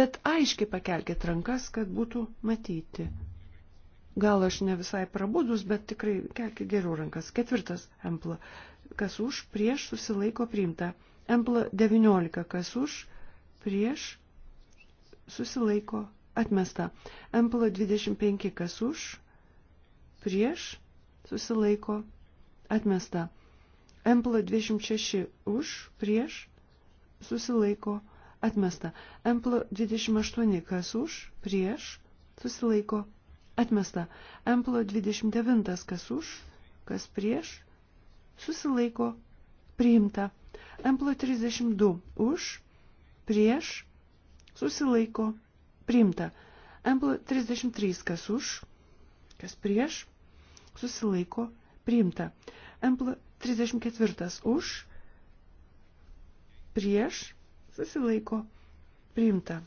Bet aiškiai pakelkit rankas, kad būtų matyti. Gal aš ne visai prabudus, bet tikrai kelkit geriau rankas. Ketvirtas empla. Kas už, prieš susilaiko priimta. Empla 19. Kas už, prieš susilaiko atmesta. MPL 25 kas už, prieš, susilaiko atmesta. MPL 26 už, prieš, susilaiko atmesta. MPL 28 kas už, prieš, susilaiko atmesta. MPL 29 kas už, kas prieš, susilaiko priimta. MPL 32 už, prieš, susilaiko priimta. Ample 33 kas už, kas prieš, susilaiko priimta. Ample 34 už, prieš, susilaiko priimta.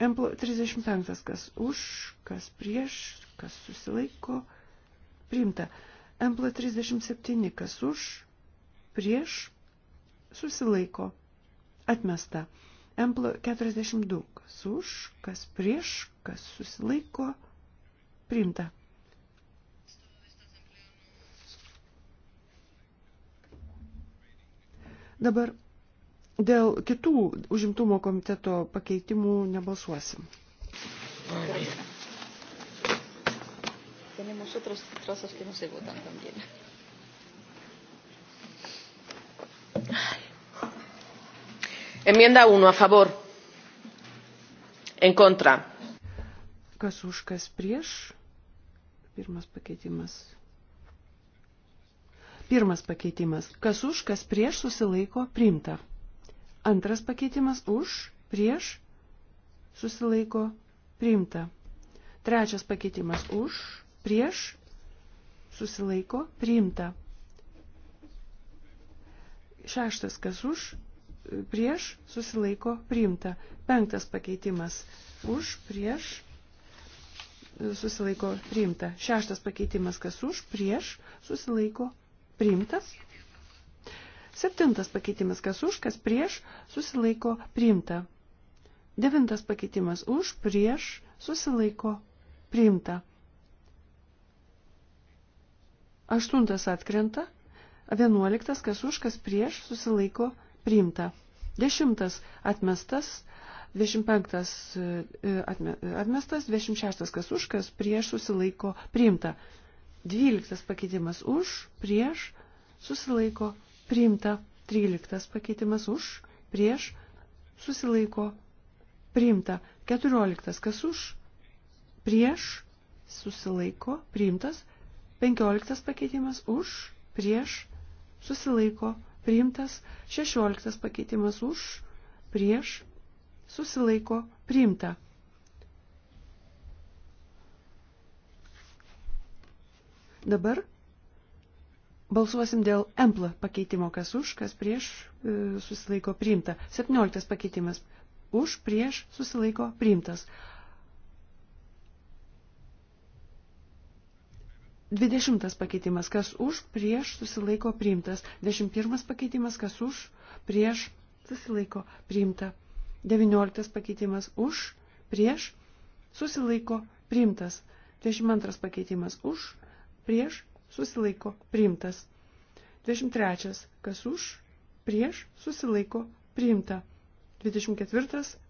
Ample 35 kas už, kas prieš, kas susilaiko priimta. Ample 37 kas už, prieš, susilaiko atmesta. Empl 42. Kas už, kas prieš, kas susilaiko, priimta. Dabar dėl kitų užimtumo komiteto pakeitimų nebalsuosim. Tenemos otros trazos que no se votan también. Enmienda 1 a favor. En contra. Kas už, kas prieš? Pirmas pakeitimas. Pirmas pakeitimas. Kas už, kas prieš susilaiko priimta. Antras pakeitimas už, prieš susilaiko priimta. Trečias pakeitimas už, prieš susilaiko priimta. Šeštas kas už, prieš susilaiko priimta. Penktas pakeitimas už, prieš susilaiko priimta. Šeštas pakeitimas kas už, prieš susilaiko priimtas. Septintas pakeitimas kas už, kas prieš susilaiko priimta. Devintas pakeitimas už, prieš susilaiko priimta. Aštuntas atkrenta. Vienuoliktas kas už, kas prieš susilaiko priimta priimta. Dešimtas atmestas, 25 e, e, atme, e, atmestas, 26 kas už, kas prieš susilaiko priimta. 12 pakeitimas už, prieš susilaiko priimta. 13 pakeitimas už, prieš susilaiko priimta. 14 kas už, prieš susilaiko priimtas. 15 pakeitimas už, prieš susilaiko priimta priimtas, 16 pakeitimas už, prieš, susilaiko, priimta. Dabar balsuosim dėl empla pakeitimo, kas už, kas prieš, e, susilaiko, priimta. 17 pakeitimas už, prieš, susilaiko, priimtas. 20 pakeitimas, kas už, prieš, susilaiko priimtas. 21 pakeitimas, kas už, prieš, susilaiko priimta. 19 pakeitimas už, prieš, susilaiko priimtas. 22 pakeitimas už, prieš, susilaiko priimtas. 23 kas už, prieš, susilaiko priimta. 24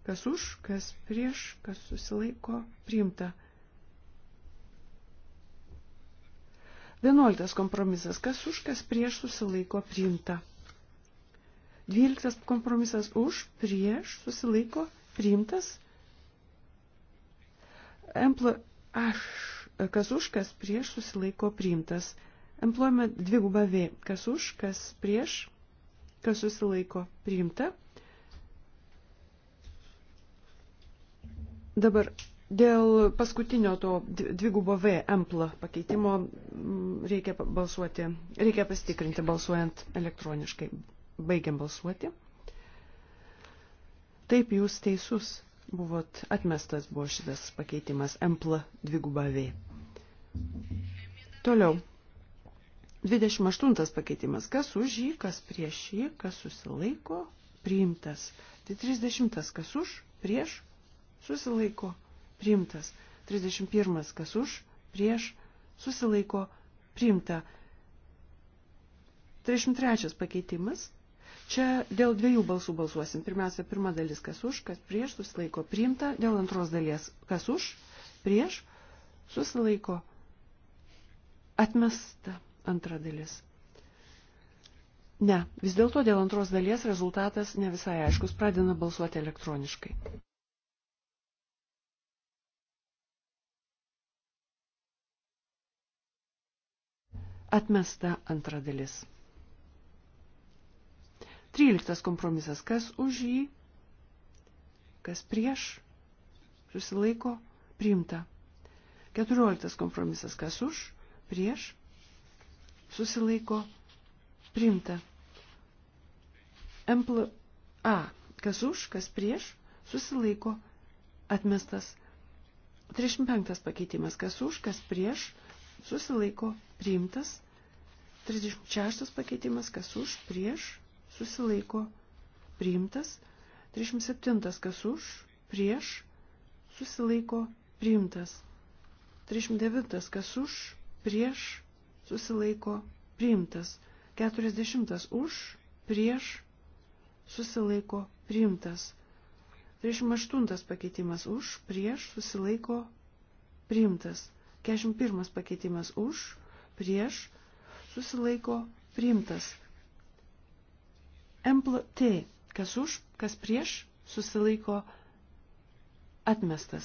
kas už, kas prieš, kas susilaiko priimta. 11 kompromisas. Kas už, kas prieš susilaiko priimta. 12 kompromisas už, prieš susilaiko priimtas. Emplo, aš, kas už, kas prieš susilaiko priimtas. Employment dvigubą V. Kas už, kas prieš, kas susilaiko priimta. Dabar Dėl paskutinio to dvigubo V ampla pakeitimo mm, reikia balsuoti, reikia pasitikrinti balsuojant elektroniškai. Baigiam balsuoti. Taip jūs teisus buvot, atmestas buvo šitas pakeitimas ampla dviguba V. Toliau. 28 pakeitimas. Kas už jį, kas prieš jį, kas susilaiko, priimtas. Tai 30 kas už, prieš, susilaiko priimtas. 31. Kas už, prieš, susilaiko, priimta. 33. Pakeitimas. Čia dėl dviejų balsų balsuosim. Pirmiausia, pirma dalis, kas už, kas prieš, susilaiko, priimta. Dėl antros dalies, kas už, prieš, susilaiko, atmesta antra dalis. Ne, vis dėlto dėl antros dalies rezultatas ne visai aiškus, pradina balsuoti elektroniškai. Atmesta antra dalis. Tryliktas kompromisas. Kas už jį, kas prieš, susilaiko, priimta. Keturioliktas kompromisas. Kas už, prieš, susilaiko, priimta. Empl A. Kas už, kas prieš, susilaiko, atmestas. 35 pakeitimas. Kas už, kas prieš, susilaiko susilaiko priimtas. 36 pakeitimas, kas už, prieš, susilaiko priimtas. 37 kas už, prieš, susilaiko priimtas. 39 kas už, prieš, susilaiko priimtas. 40 už, prieš, susilaiko priimtas. 38 pakeitimas už, prieš, susilaiko priimtas. 41 pakeitimas už, prieš, susilaiko, priimtas. MT, kas už, kas prieš, susilaiko, atmestas.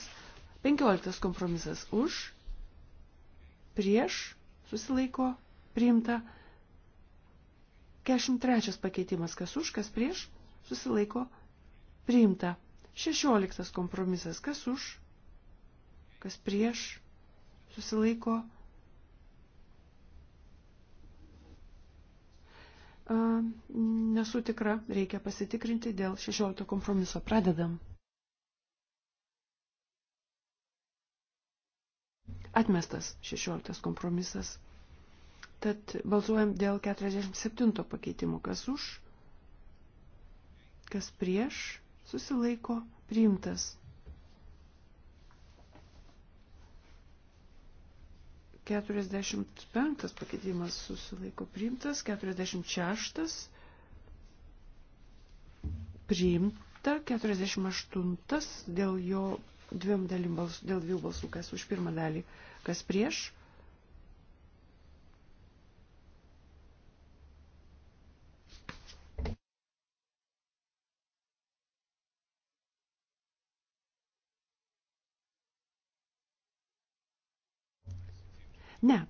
15 kompromisas už, prieš, susilaiko, priimta. 43 pakeitimas, kas už, kas prieš, susilaiko, priimta. 16 kompromisas, kas už, kas prieš, susilaiko. Nesu tikra, reikia pasitikrinti dėl 16 kompromiso. Pradedam. Atmestas 16 kompromisas. Tad balsuojam dėl 47 pakeitimo. Kas už, kas prieš, susilaiko, priimtas 45 pakeitimas susilaiko priimtas, 46 priimta, 48 dėl jo dviem dalim balsų, dėl dviejų balsų, kas už pirmą dalį, kas prieš, Ne,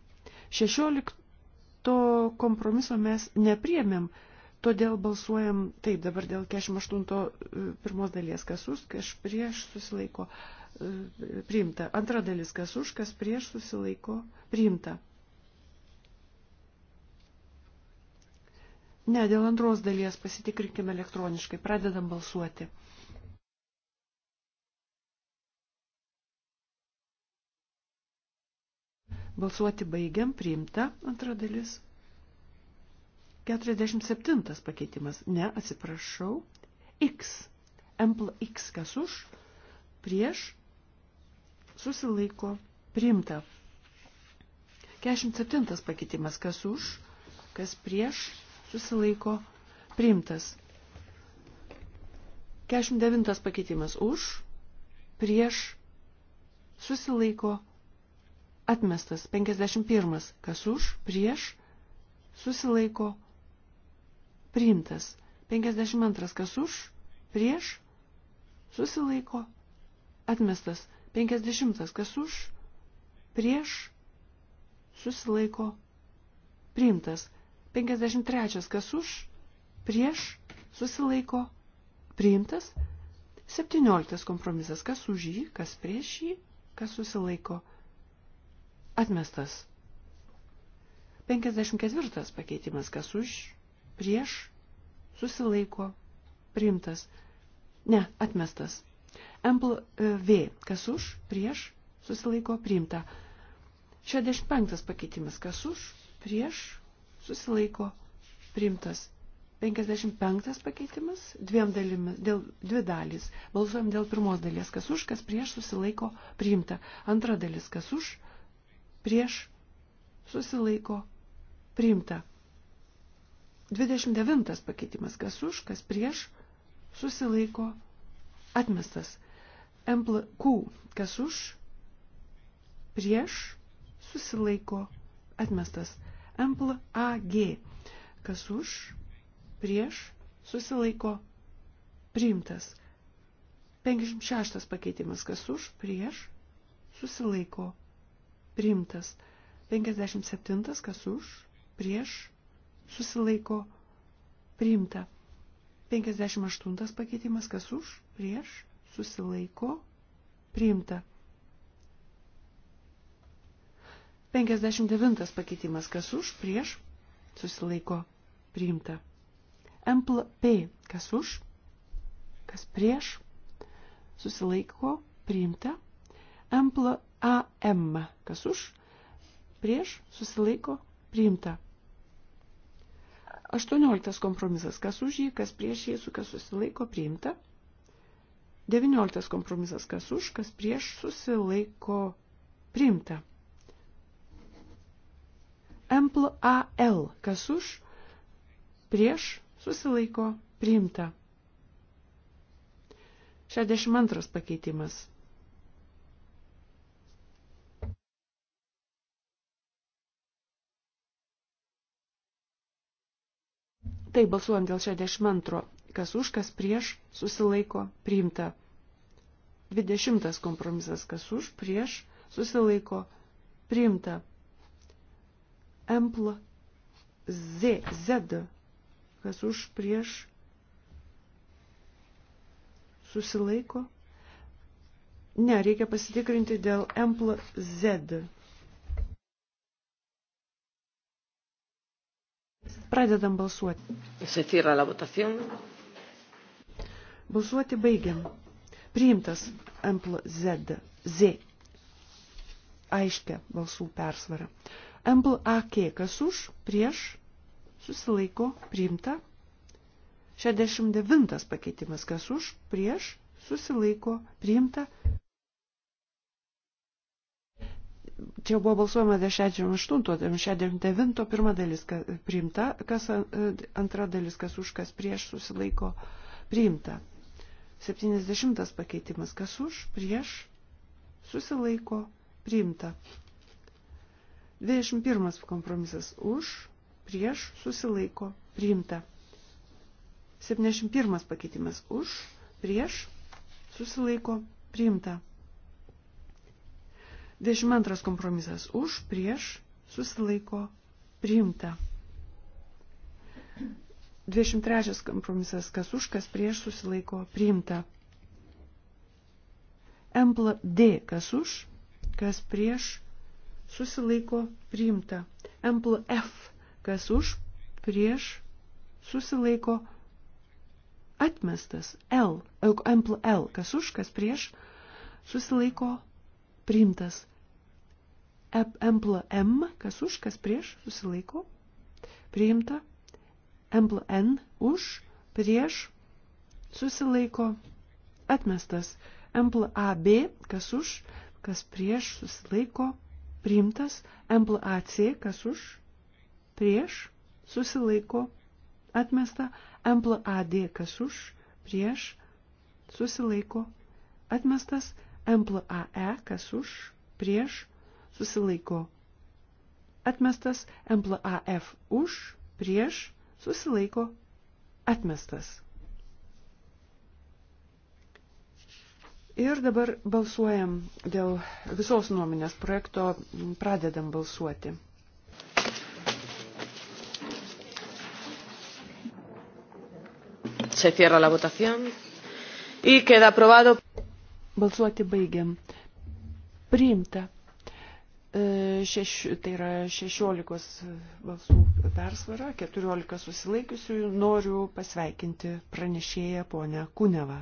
16 kompromiso mes nepriemėm, todėl balsuojam taip dabar dėl 48 e, pirmos dalies, kas už, kas prieš susilaiko e, priimta. Antra dalis, kas už, kas prieš susilaiko priimta. Ne, dėl antros dalies pasitikrinkime elektroniškai, pradedam balsuoti. Balsuoti baigiam, priimta antra dalis. 47 pakeitimas. Ne, atsiprašau. X. Empl X kas už. Prieš. Susilaiko. Priimta. 47 pakeitimas. Kas už. Kas prieš. Susilaiko. Priimtas. 49 pakeitimas. Už. Prieš. Susilaiko. Priimtas atmestas 51. Kas už, prieš, susilaiko, priimtas 52. Kas už, prieš, susilaiko, atmestas 50. Kas už, prieš, susilaiko, priimtas 53. Kas už, prieš, susilaiko, priimtas 17. Kompromisas. Kas už jį, kas prieš jį, kas susilaiko, priimtas Atmestas. 54 pakeitimas, kas už, prieš, susilaiko, priimtas. Ne, atmestas. Empl e, V, kas už, prieš, susilaiko, priimta. 65 pakeitimas, kas už, prieš, susilaiko, priimtas. 55 pakeitimas, dviem dalimis, dėl, dvi dalys. Balsuojam dėl pirmos dalies, kas už, kas prieš, susilaiko, priimta. Antra dalis, kas už, prieš prieš susilaiko priimta. 29 pakeitimas, kas už, kas prieš susilaiko atmestas. MQ, kas už, prieš susilaiko atmestas. MPL AG, kas už, prieš susilaiko priimtas. 56 pakeitimas, kas už, prieš susilaiko priimtas. 57 kas už, prieš, susilaiko, priimta. 58 pakeitimas kas už, prieš, susilaiko, priimta. 59 pakeitimas kas už, prieš, susilaiko, priimta. MPLP kas už, kas prieš, susilaiko, priimta. MPLP AM. Kas už? Prieš susilaiko priimta. 18 kompromisas. Kas už jį, kas prieš jį, su kas susilaiko priimta. 19 kompromisas. Kas už, kas prieš susilaiko priimta. Empl AL. Kas už, prieš susilaiko priimta. 62 pakeitimas. Tai balsuojam dėl 62. Kas už, kas prieš, susilaiko, priimta. 20 kompromisas. Kas už, prieš, susilaiko, priimta. Empl Z, Z. Kas už, prieš, susilaiko. Ne, reikia pasitikrinti dėl Empl Z. Pradedam balsuoti. Įsityra la votación. Balsuoti baigiam. Priimtas MPLZ. Z. Aiškia balsų persvara. MPLAK kas už, prieš, susilaiko, priimta. 69 pakeitimas kas už, prieš, susilaiko, priimta čia buvo balsuojama dėl 68, 69, pirma dalis kas, priimta, kas e, antra dalis, kas už, kas prieš susilaiko priimta. 70 pakeitimas, kas už, prieš susilaiko priimta. 21 kompromisas už, prieš susilaiko priimta. 71 pakeitimas už, prieš susilaiko priimta. 22 kompromisas už, prieš, susilaiko, priimta. 23 kompromisas kas už, kas prieš, susilaiko, priimta. Empla D kas už, kas prieš, susilaiko, priimta. Empla F kas už, prieš, susilaiko, atmestas. L, empla L kas už, kas prieš, susilaiko, priimtas Empl M, kas už, kas prieš, susilaiko, priimta. Empl N, už, prieš, susilaiko, atmestas. Empl AB, kas už, kas prieš, susilaiko, priimtas. Empl AC, kas už, prieš, susilaiko, atmesta. Empl AD, kas už, prieš, susilaiko, atmestas. Empl AE, kas už, prieš, susilaiko. Atmestas MPAF už, prieš, susilaiko, atmestas. Ir dabar balsuojam dėl visos nuomonės projekto, pradedam balsuoti. Se cierra la votación y queda aprobado. Balsuoti baigiam. Priimta. E, šeš, tai yra 16 balsų persvara, 14 susilaikiusių, noriu pasveikinti pranešėją ponę Kunevą.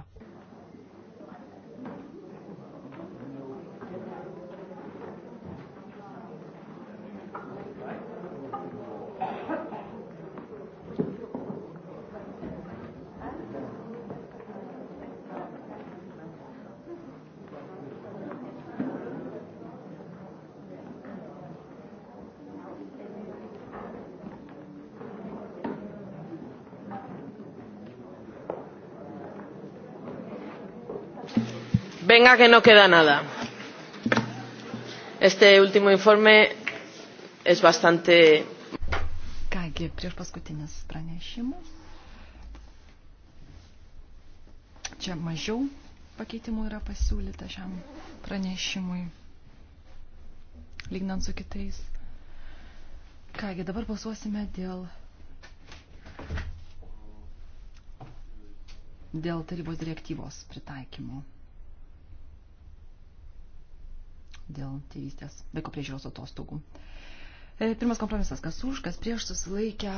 venga que no queda nada. Este último informe es bastante. Kągi, prieš paskutinis pranešimas. Čia mažiau pakeitimų yra pasiūlyta šiam pranešimui, lygnant su kitais. Kągi, dabar balsuosime dėl dėl tarybos direktyvos pritaikymo. dėl tėvystės vaiko priežiūros atostogų. E, pirmas kompromisas, kas už, kas prieš susilaikę.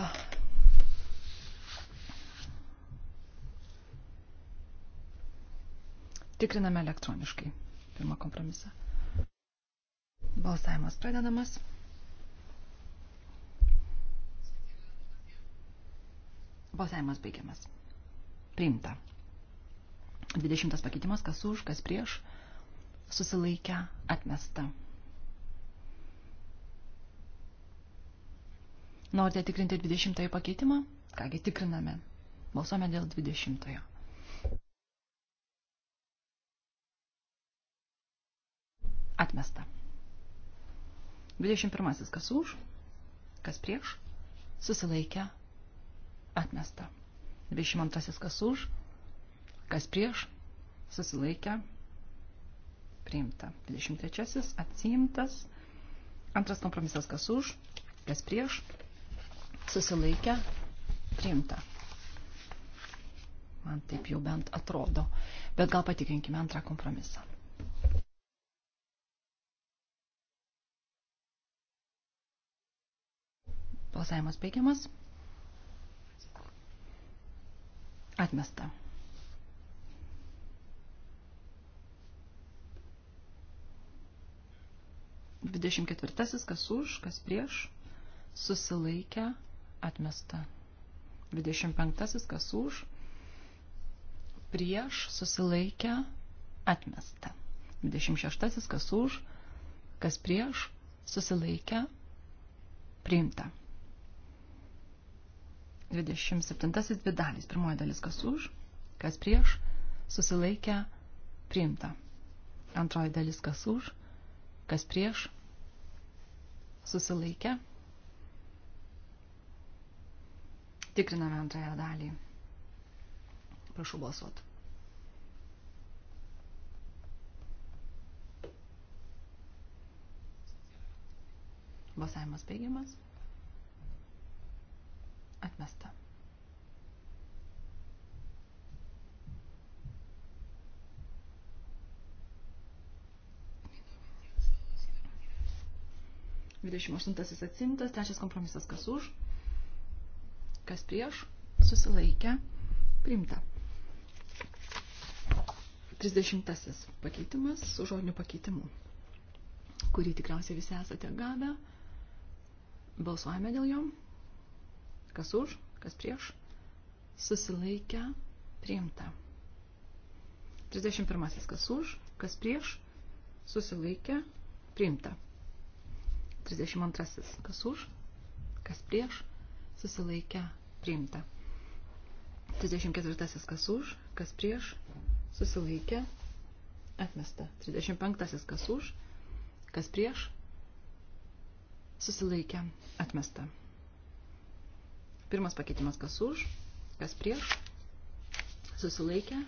Tikriname elektroniškai. Pirmą kompromisą. Balsavimas pradedamas. Balsavimas baigiamas. Priimta. 20 pakeitimas, kas už, kas prieš, susilaikę atmesta. Norite tikrinti 20 pakeitimą? Kągi tikriname. Balsuome dėl 20. -ojo. Atmesta. 21. Kas už, kas prieš, susilaikę, atmesta. 22. Kas už, kas prieš, susilaikę, atmesta priimta. 23 atsiimtas. Antras kompromisas kas už, kas prieš, susilaikę, priimta. Man taip jau bent atrodo. Bet gal patikrinkime antrą kompromisą. Balsavimas baigiamas. Atmesta. 24. Kas už, kas prieš, susilaikę, atmesta. 25. Kas už, prieš, susilaikę, atmesta. 26. Kas už, kas prieš, susilaikę, priimta. 27. Dvi dalys. Pirmoji dalis kas už, kas prieš, susilaikę, priimta. Antroji dalis kas už, Kas prieš? Susilaikę. Tikriname antrąją dalį. Prašau balsuoti. Balsavimas baigiamas. Atmesta. 28 atsimtas, trečias kompromisas kas už, kas prieš, susilaikę, priimta. 30 pakeitimas su žodiniu pakeitimu, kurį tikriausiai visi esate gavę. Balsuojame dėl jo. Kas už, kas prieš, susilaikę, priimta. 31 kas už, kas prieš, susilaikę, priimta. 32. Kas už, kas prieš, susilaikę, priimta. 34. Kas už, kas prieš, susilaikę, atmesta. 35. Kas už, kas prieš, susilaikę, atmesta. Pirmas pakeitimas kas už, kas prieš, susilaikę,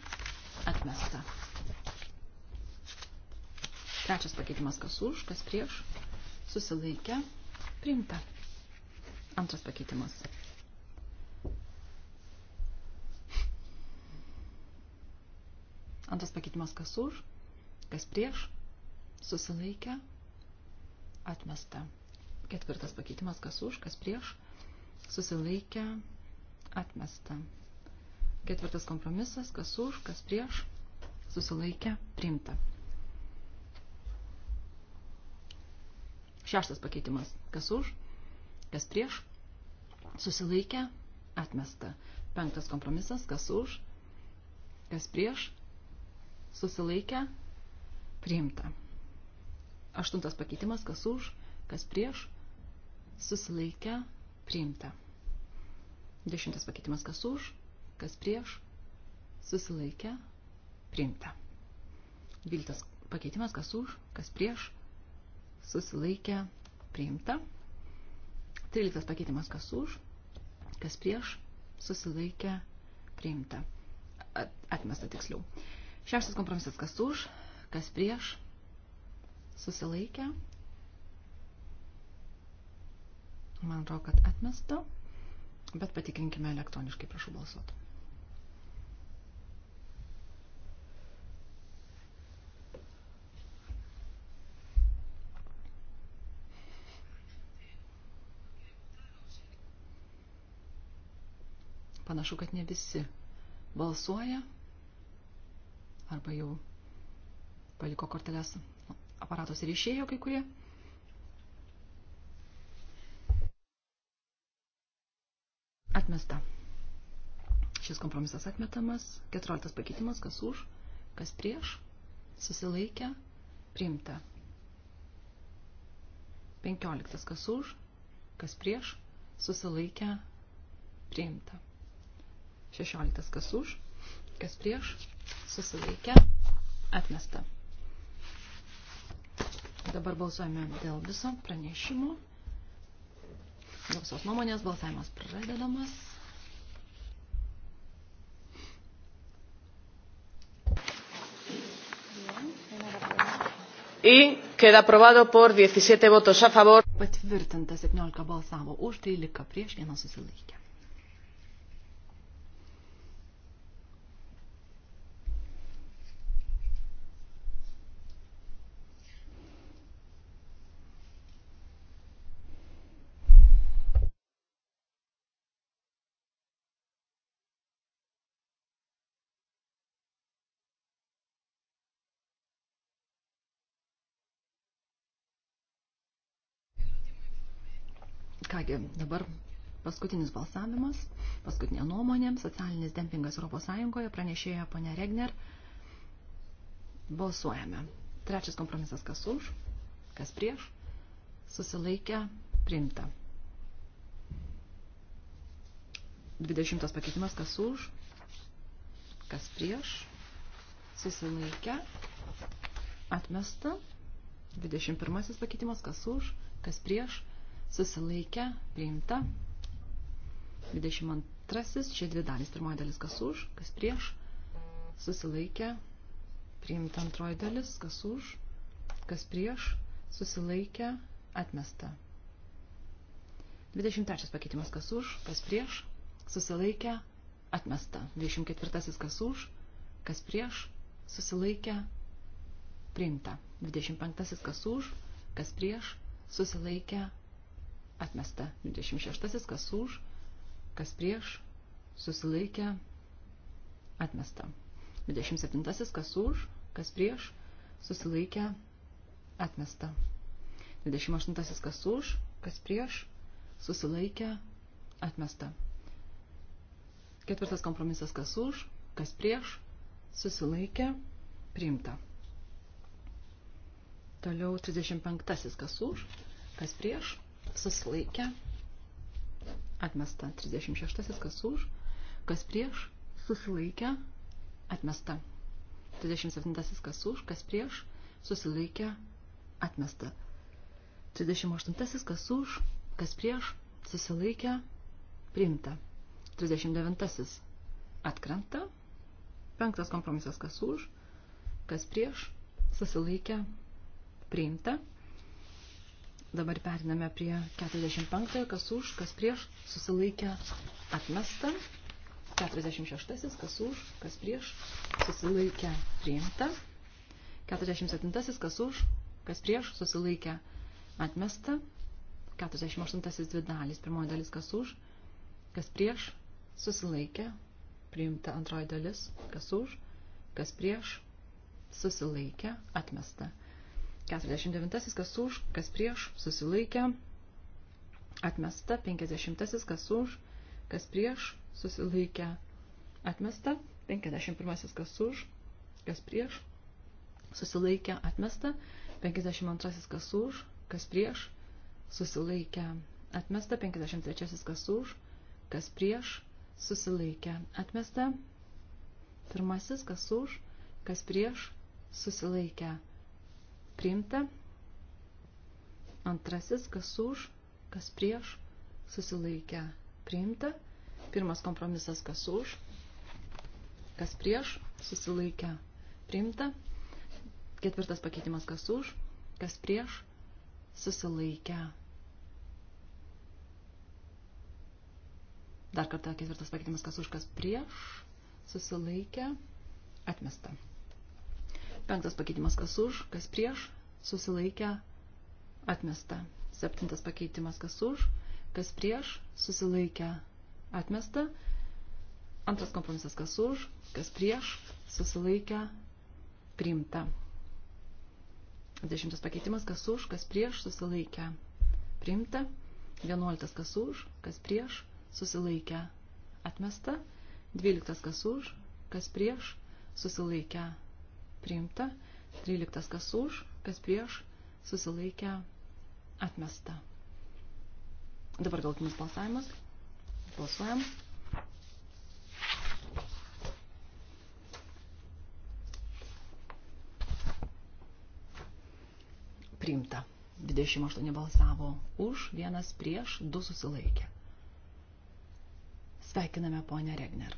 atmesta. Trečias pakeitimas kas už, kas prieš, susilaikę, priimta. Antras pakeitimas. Antras pakeitimas kas už, kas prieš, susilaikę, atmesta. Ketvirtas pakeitimas kas už, kas prieš, susilaikę, atmesta. Ketvirtas kompromisas kas už, kas prieš, susilaikę, priimta. Šeštas pakeitimas. Kas už, kas prieš, susilaikę, atmesta. Penktas kompromisas. Kas už, kas prieš, susilaikę, priimta. Aštuntas pakeitimas. Kas už, kas prieš, susilaikę, priimta. Dešimtas pakeitimas. Kas už, kas prieš, susilaikę, priimta. Dvyliktas pakeitimas. Kas už, kas prieš, susilaikę susilaikė, priimta. 13 pakeitimas kas už, kas prieš, susilaikė, priimta. Atmesta tiksliau. Šeštas kompromisas kas už, kas prieš, susilaikė. Man atrodo, kad atmesta, bet patikrinkime elektroniškai, prašau balsuoti. Panašu, kad ne visi balsuoja arba jau paliko korteles nu, aparatos ir išėjo kai kurie. Atmesta. Šis kompromisas atmetamas. 14 pakeitimas, kas už, kas prieš, susilaikę, priimta. 15 kas už, kas prieš, susilaikę, priimta. 16 kas už, kas prieš, susilaikė, atmesta. Dabar balsuojame dėl viso pranešimo. Dėl visos nuomonės balsavimas pradedamas. y queda aprobado por diecisiete votos a favor. Patvirtinta 17 balsavo už, 13 prieš, vienas susilaikė. Kągi, dabar paskutinis balsavimas, paskutinė nuomonė, socialinis dempingas Europos Sąjungoje, pranešėjo ponia Regner. Balsuojame. Trečias kompromisas kas už, kas prieš, susilaikę, priimta. 20 pakeitimas kas už, kas prieš, susilaikę, atmesta. 21 pakeitimas kas už, kas prieš, susilaikę, priimta. 22. Čia dvi dalys. Pirmoji dalis kas už, kas prieš. Susilaikę, priimta antroji dalis, kas už, kas prieš. Susilaikę, atmesta. 23. Pakeitimas kas už, kas prieš. Susilaikę, atmesta. 24. Kas už, kas prieš. Susilaikę, priimta. 25. Kas už, kas prieš. Susilaikę, atmesta Atmesta. 26. Kas už, kas prieš, susilaikė, atmesta. 27. Kas už, kas prieš, susilaikė, atmesta. 28. Kas už, kas prieš, susilaikė, atmesta. Ketvirtas kompromisas kas už, kas prieš, susilaikė, priimta. Toliau 35. Kas už, kas prieš, susilaikė, atmesta. 36 kas už, kas prieš, susilaikė, atmesta. 37 kas už, kas prieš, susilaikė, atmesta. 38 kas už, kas prieš, susilaikė, priimta. 39 atkrenta. 5 kompromisas kas už, kas prieš, susilaikė, priimta. Dabar periname prie 45, kas už, kas prieš, susilaikę, atmesta. 46, kas už, kas prieš, susilaikę, priimta. 47, kas už, kas prieš, susilaikę, atmesta. 48, dvi dalys, pirmoji dalis, kas už, kas prieš, susilaikę, priimta. Antroji dalis, kas už, kas prieš, susilaikę, atmesta. 49. Kas už, kas prieš, susilaikė. Atmesta. 50. Kas už, kas prieš, susilaikė. Atmesta. 51. Kas už, kas prieš, susilaikė. Atmesta. 52. Kas už, kas prieš, susilaikė. Atmesta. 53. Kas už, kas prieš, susilaikė. Atmesta. Pirmasis, kas už, kas prieš, susilaikė priimta. Antrasis, kas už, kas prieš, susilaikę, priimta. Pirmas kompromisas, kas už, kas prieš, susilaikę, priimta. Ketvirtas pakeitimas, kas už, kas prieš, susilaikę. Dar kartą ketvirtas pakeitimas, kas už, kas prieš, susilaikę, atmesta. Penktas pakeitimas kas už, kas prieš, susilaikę, atmesta. Septintas pakeitimas kas už, kas prieš, susilaikę, atmesta. Antras kompromisas kas už, kas prieš, susilaikę, priimta. Dešimtas pakeitimas kas už, kas prieš, susilaikę, priimta. Vienuoliktas kas už, kas prieš, susilaikę, atmesta. Dvyliktas kas už, kas prieš, susilaikę, atmesta priimta, 13 kas už, kas prieš, susilaikę, atmesta. Dabar galtinis balsavimas. Balsuojam. Priimta. 28 balsavo už, vienas prieš, du susilaikė. Sveikiname ponę Regner.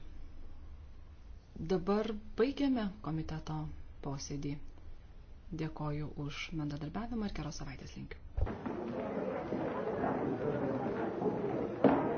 Dabar baigiame komiteto posėdį. Dėkoju už bendradarbiavimą ir geros savaitės linkiu.